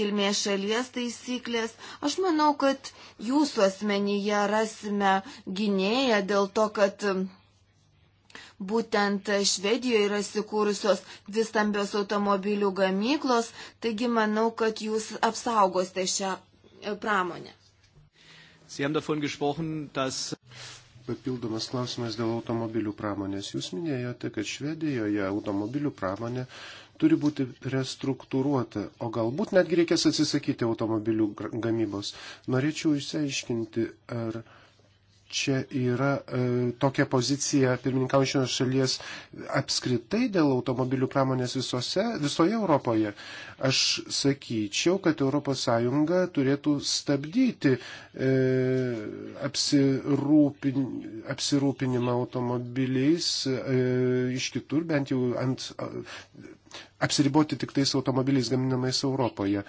kilmės šalies taisyklės. Aš manau, kad jūsų asmenyje rasime gynėją dėl to, kad Būtent Švedijoje yra sikūrusios visambios automobilių gamyklos, taigi manau, kad jūs apsaugosite šią e, pramonę. Sie haben davon gesprochen, dass Papildomas klausimas dėl automobilių pramonės. Jūs minėjote, kad Švedijoje automobilių pramonė turi būti restruktūruota, o galbūt netgi reikės atsisakyti automobilių gamybos. Norėčiau išsiaiškinti, ar čia yra e, tokia pozicija pirmininkaujančios šalies apskritai dėl automobilių pramonės visose, visoje Europoje. Aš sakyčiau, kad ES turėtų stabdyti e, apsirūpin, apsirūpinimą automobiliais e, iš kitur, bent jau ant. A, apsiriboti tik tais automobiliais gaminamais Europoje,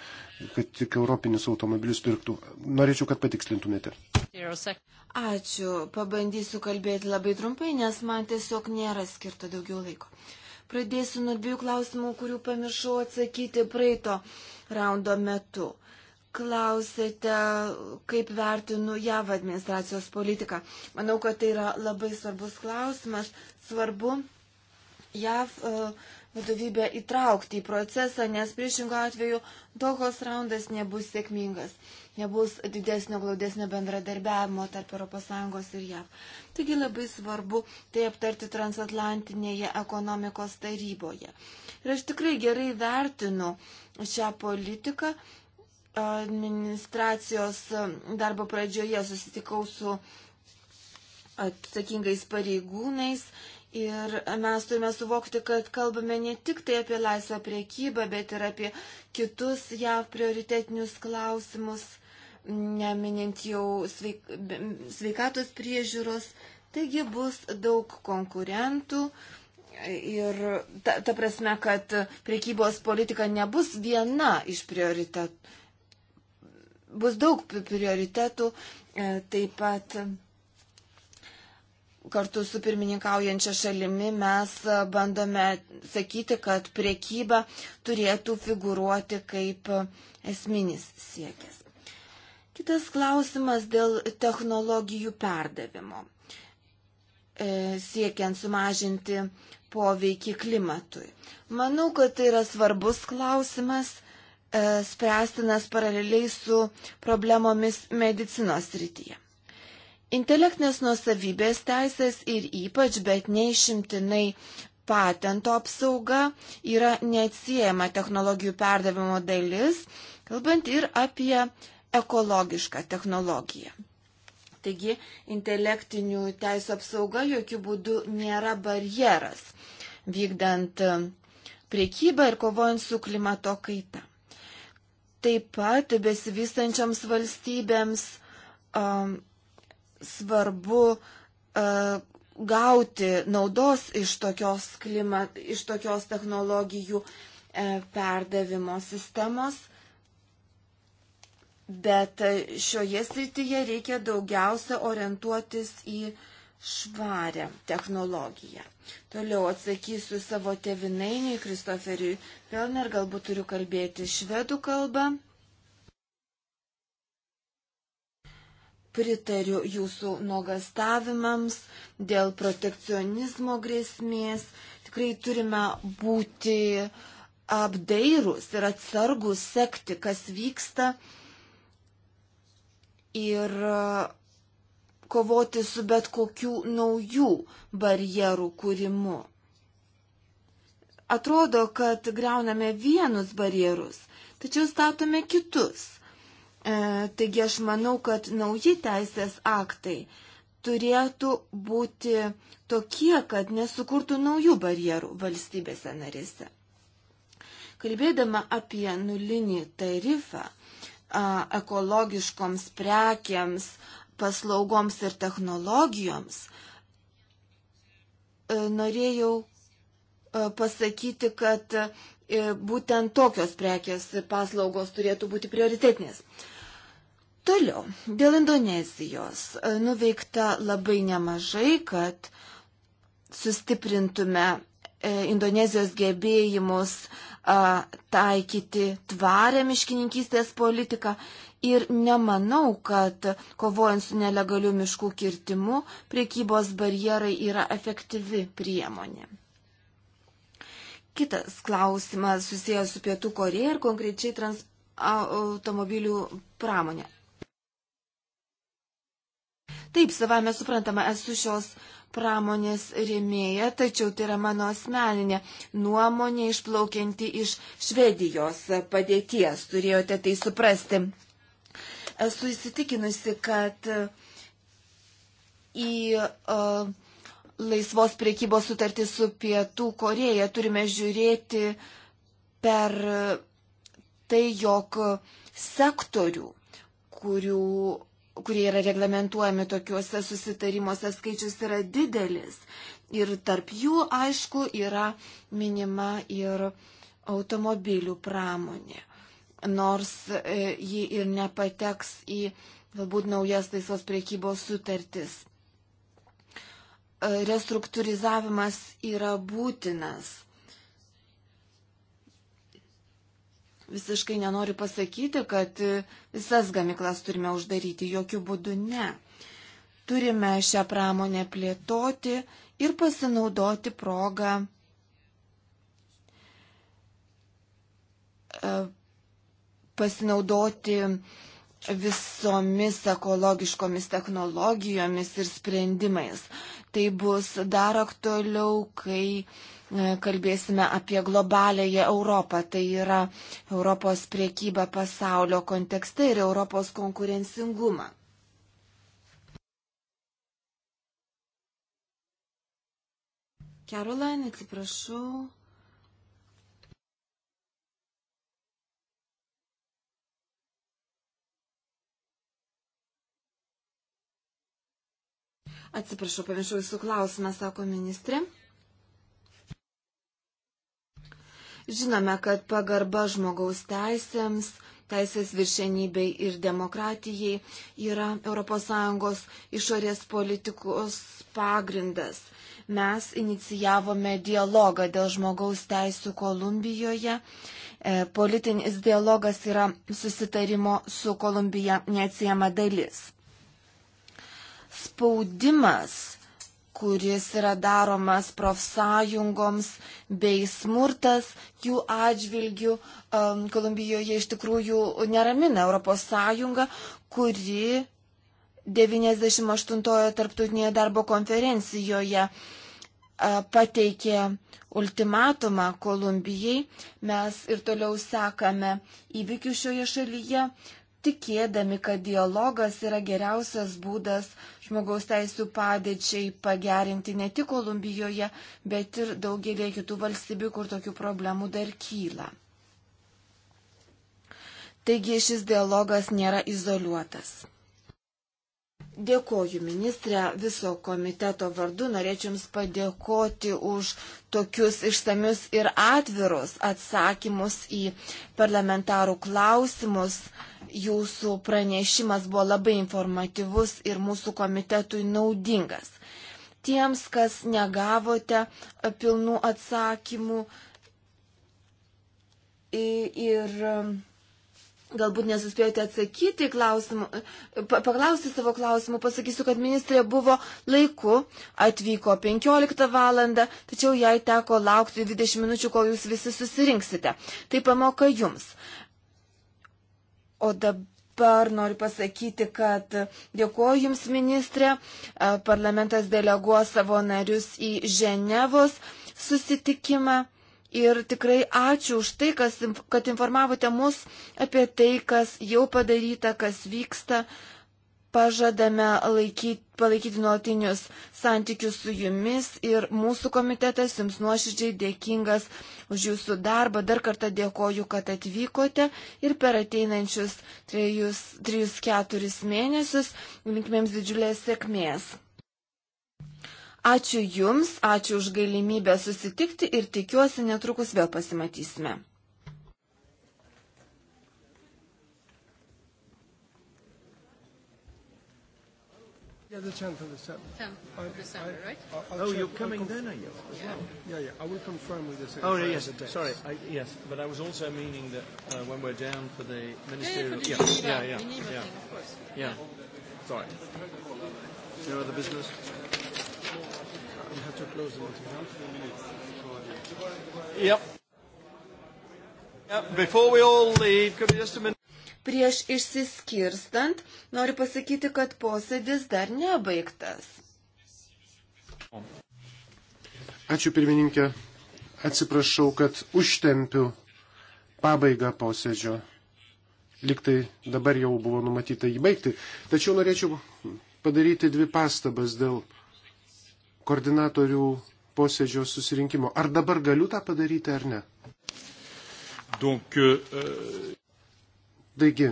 kad tik europinius automobilius pirktų. Norėčiau, kad patikslintumėte. Ačiū, pabandysiu kalbėti labai trumpai, nes man tiesiog nėra skirta daugiau laiko. Pradėsiu nuo dviejų klausimų, kurių pamiršau atsakyti praeito raundo metu. Klausėte, kaip vertinu JAV administracijos politiką. Manau, kad tai yra labai svarbus klausimas. Svarbu JAV uh, vadovybę įtraukti į procesą, nes priešingų atveju Dohos raundas nebus sėkmingas, nebus didesnio glaudesnio bendradarbiavimo tarp ES ir JAV. Taigi labai svarbu tai aptarti transatlantinėje ekonomikos taryboje. Ir aš tikrai gerai vertinu šią politiką. Administracijos darbo pradžioje susitikau su atsakingais pareigūnais Ir mes turime suvokti, kad kalbame ne tik tai apie laisvą priekybą, bet ir apie kitus JAV prioritetinius klausimus, neminint jau sveik, sveikatos priežiūros. Taigi bus daug konkurentų. Ir ta, ta prasme, kad priekybos politika nebus viena iš prioritetų. Bus daug prioritetų, e, taip pat kartu su pirmininkaujančia šalimi mes e, bandome sakyti, kad priekyba turėtų figuruoti kaip esminis siekis. Kitas klausimas dėl technologijų perdavimo, e, siekiant sumažinti poveikį klimatui. Manau, kad tai yra svarbus klausimas, e, spręstinas paraleliai su problemomis medicinos rytyje. Intelektinės nuosavybės teisės ir ypač, bet neišimtinai patento apsauga yra neatsiejama technologijų perdavimo dalis, kalbant ir apie ekologišką technologiją. Taigi, intelektinių teisų apsauga jokių būdų nėra barjeras, vykdant e, priekybą ir kovojant su klimato kaita. Taip pat besivystančiams valstybėms um, svarbu uh, gauti naudos iš tokios, klimat, iš tokios technologijų uh, perdavimo sistemos. Bet e, šioje srityje reikia daugiausia orientuotis į švarę technologiją. Toliau atsakysiu savo tevinainiui Kristoferiui Pelner, galbūt turiu kalbėti švedų kalbą. pritariu jūsų nuogastavimams dėl protekcionizmo grėsmės. Tikrai turime būti apdairūs ir atsargus sekti, kas vyksta ir kovoti su bet kokiu naujų barjerų kūrimu. Atrodo, kad greuname vienus barjerus, tačiau statome kitus. E, taigi aš manau, kad nauji teisės aktai turėtų būti tokie, kad nesukurtų naujų barjerų valstybėse narėse. Kalbėdama apie nulinį tarifą ekologiškoms prekiams, paslaugoms ir technologijoms, e, norėjau e, pasakyti, kad būtent tokios prekės ir paslaugos turėtų būti prioritetinės. Toliau, dėl Indonezijos e, nuveikta labai nemažai, kad sustiprintume e, Indonezijos gebėjimus taikyti tvarę miškininkystės politiką ir nemanau, kad kovojant su nelegaliu miškų kirtimu, priekybos barjerai yra efektyvi priemonė. Kitas klausimas susijęs su Pietų Koreja ir konkrečiai trans automobilių pramonė. Taip, savame suprantama, esu šios pramonės rėmėja, tačiau tai yra mano asmeninė nuomonė išplaukianti iš Švedijos padėties, turėjote tai suprasti. Esu įsitikinusi, kad į uh, laisvos priekybos sutartį su Pietų Koreja turime žiūrėti per tai, jog sektorių, kurių kurie yra reglamentuojami tokiuose susitarimuose, skaičius yra didelis. Ir tarp jų, aišku, yra minima ir automobilių pramonė. Nors e, ji ir nepateks į galbūt naujas laisvos priekybos sutartis. E, restruktūrizavimas yra būtinas visiškai nenoriu pasakyti, kad visas gamiklas turime uždaryti, jokių būdų ne. Turime šią pramonę plėtoti ir pasinaudoti progą e, pasinaudoti visomis ekologiškomis technologijomis ir sprendimais. Tai bus dar aktualiau, kai e, kalbėsime apie globalėje Europą. Tai yra Europos priekyba pasaulio kontekste ir Europos konkurencingumą. Caroline, atsiprašau. Atsiprašau, pamiršau jūsų klausimą, sako ministrė. Žinome, kad pagarba žmogaus teisėms, teisės viršenybei ir demokratijai yra ES išorės politikos pagrindas. Mes inicijavome dialogą dėl žmogaus teisų Kolumbijoje. E, politinis dialogas yra susitarimo su Kolumbija neatsiema dalis spaudimas, kuris yra daromas profsąjungoms bei smurtas jų atžvilgių um, Kolumbijoje iš tikrųjų neramina Europos Sąjunga, kuri 98-ojo tarptautinėje darbo konferencijoje pateikė ultimatumą Kolumbijai, mes ir toliau sekame įvykių šioje šalyje, tikėdami, kad dialogas yra geriausias būdas žmogaus teisų padėčiai pagerinti ne tik Kolumbijoje, bet ir daugelį kitų valstybių, kur tokių problemų dar kyla. Taigi šis dialogas nėra izoliuotas. Dėkoju, ministrė, viso komiteto vardu norėčiau Jums padėkoti už tokius išsamius ir atvirus atsakymus į parlamentarų klausimus. Jūsų pranešimas buvo labai informatyvus ir mūsų komitetui naudingas. Tiems, kas negavote e, pilnų atsakymų ir um, galbūt nesuspėjote atsakyti klausimų, e, paklausti savo klausimų, pasakysiu, kad ministrė buvo laiku, atvyko 15 valandą, tačiau jai teko laukti 20 minučių, kol jūs visi susirinksite. Tai pamoka jums. O dabar noriu pasakyti, kad dėkuoju Jums, ministrė. Parlamentas deleguos savo narius į Ženevos susitikimą. Ir tikrai ačiū už tai, kas, kad informavote mus apie tai, kas jau padaryta, kas vyksta. Uh, pažadame laikyti, palaikyti nuolatinius santykius su jumis ir mūsų komitetas jums nuoširdžiai dėkingas už jūsų darbą. Dar kartą dėkoju, kad atvykote ir per ateinančius 3-4 mėnesius linkmėms didžiulės sėkmės. Ačiū Jums, ačiū už galimybę susitikti ir tikiuosi netrukus vėl pasimatysime. Yeah, the 10th of December. 10th of December, I, right? I, I'll oh, check, you're coming I'll then, are you? As yeah. Well? yeah, yeah. I will confirm with the oh, secretary. Oh, yes. The Sorry, I, yes. But I was also meaning that uh, when we're down for the ministerial. Yeah, yeah, for the yeah. Geneva, yeah, yeah. Geneva yeah. thing, of course. Yeah. yeah. Sorry. No other business? We have to close the meeting. Yep. Yep. Before we all leave, could we just a minute? Prieš išsiskirstant noriu pasakyti, kad posėdis dar nebaigtas. Ačiū pirmininkė. Atsiprašau, kad užtempiu pabaigą posėdžio. Liktai dabar jau buvo numatyta jį baigti. Tačiau norėčiau padaryti dvi pastabas dėl koordinatorių posėdžio susirinkimo. Ar dabar galiu tą padaryti ar ne? Donc, euh... Taigi,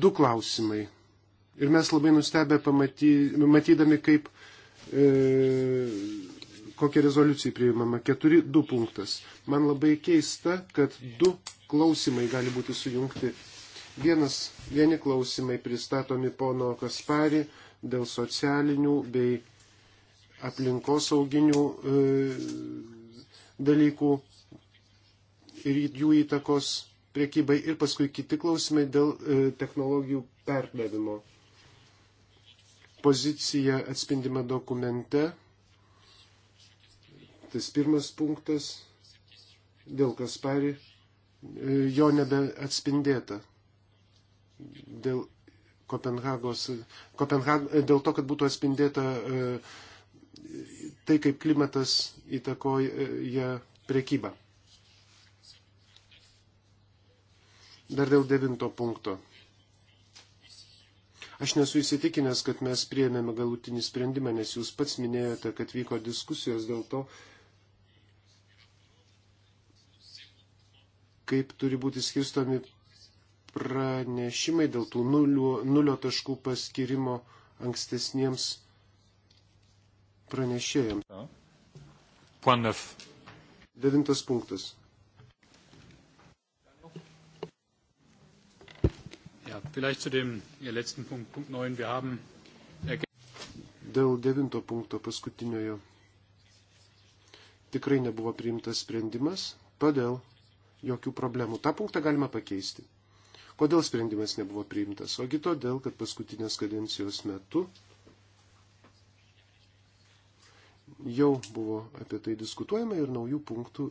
du klausimai. Ir mes labai nustebę pamaty, matydami, kaip e, kokia rezoliucija priimama. 4-2 punktas. Man labai keista, kad du klausimai gali būti sujungti. Vienas, vieni klausimai pristatomi pono Kaspari dėl socialinių bei aplinkosauginių e, dalykų, ir jų įtakos priekybai ir paskui kiti klausimai dėl e, technologijų perdavimo. Pozicija atspindima dokumente. Tas pirmas punktas dėl Kaspari e, jo nebeatspindėta. Dėl, Kopenhagos, Kopenhag, e, dėl to, kad būtų atspindėta tai, kaip klimatas įtakoja prekybą. Dar dėl devinto punkto. Aš nesu įsitikinęs, kad mes prieėmėme galutinį sprendimą, nes jūs pats minėjote, kad vyko diskusijos dėl to, kaip turi būti skirstomi pranešimai dėl tų nulio, nulio taškų paskirimo ankstesniems pranešėjams. Devintas punktas. Ja, vielleicht zu dem ja, letzten Punkt, Punkt 9. Wir haben Dėl devinto punkto paskutiniojo tikrai nebuvo priimtas sprendimas, todėl jokių problemų. Ta punktą galima pakeisti. Kodėl sprendimas nebuvo priimtas? Ogi todėl, kad paskutinės kadencijos metu jau buvo apie tai diskutuojama ir naujų punktų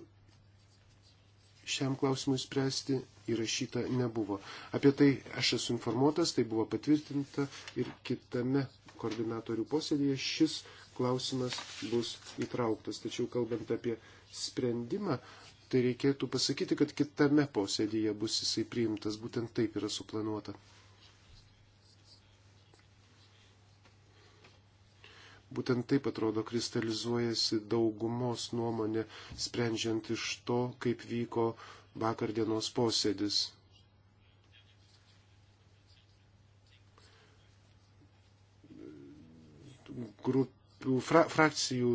šiam klausimui spręsti įrašyta nebuvo. Apie tai aš esu informuotas, tai buvo patvirtinta ir kitame koordinatorių posėdėje šis klausimas bus įtrauktas. Tačiau kalbant apie sprendimą, tai reikėtų pasakyti, kad kitame posėdėje bus jisai priimtas, būtent taip yra suplanuota. Būtent taip atrodo kristalizuojasi daugumos nuomonė, sprendžiant iš to, kaip vyko vakar dienos posėdis. Grupių, fra, frakcijų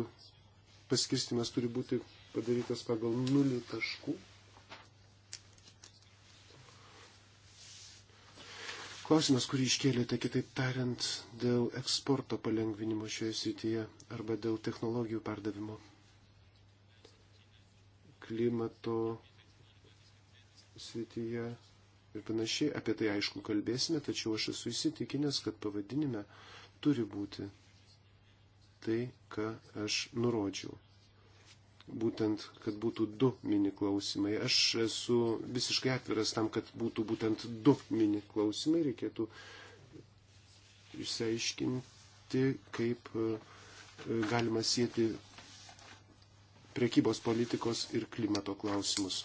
paskirstimas turi būti padarytas pagal nulį taškų. Klausimas, kurį iškėlėte, kitaip tariant, dėl eksporto palengvinimo šioje srityje arba dėl technologijų perdavimo klimato srityje ir panašiai. Apie tai aišku kalbėsime, tačiau aš esu įsitikinęs, kad pavadinime turi būti tai, ką aš nurodžiau. Būtent, kad būtų du mini klausimai. Aš esu visiškai atviras tam, kad būtų būtent du mini klausimai. Reikėtų išsiaiškinti, kaip e, galima sėti priekybos politikos ir klimato klausimus.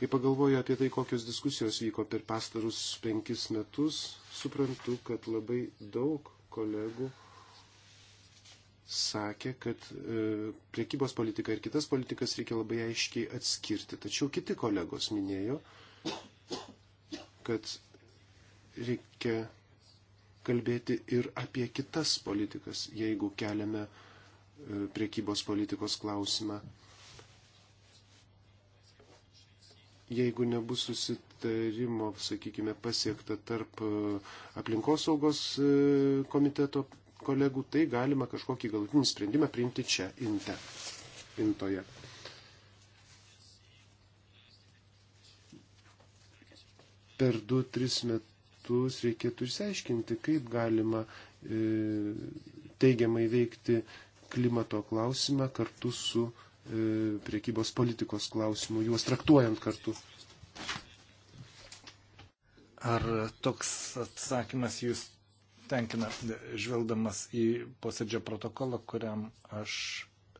Kai pagalvoju apie tai, kokios diskusijos vyko per pastarus penkis metus, suprantu, kad labai daug kolegų sakė, kad e, priekybos politiką ir kitas politikas reikia labai aiškiai atskirti. Tačiau kiti kolegos minėjo, kad reikia kalbėti ir apie kitas politikas, jeigu keliame e, priekybos politikos klausimą. E, jeigu nebus susitarimo, sakykime, pasiekta tarp e, aplinkosaugos e, komiteto kolegų, tai galima kažkokį galutinį sprendimą priimti čia, inte, intoje. Per 2-3 metus reikėtų išsiaiškinti, kaip galima e, teigiamai veikti klimato klausimą kartu su E, priekybos politikos klausimų, juos traktuojant kartu. Ar toks atsakymas jūs tenkina, žvelgdamas į posėdžio protokolą, kuriam aš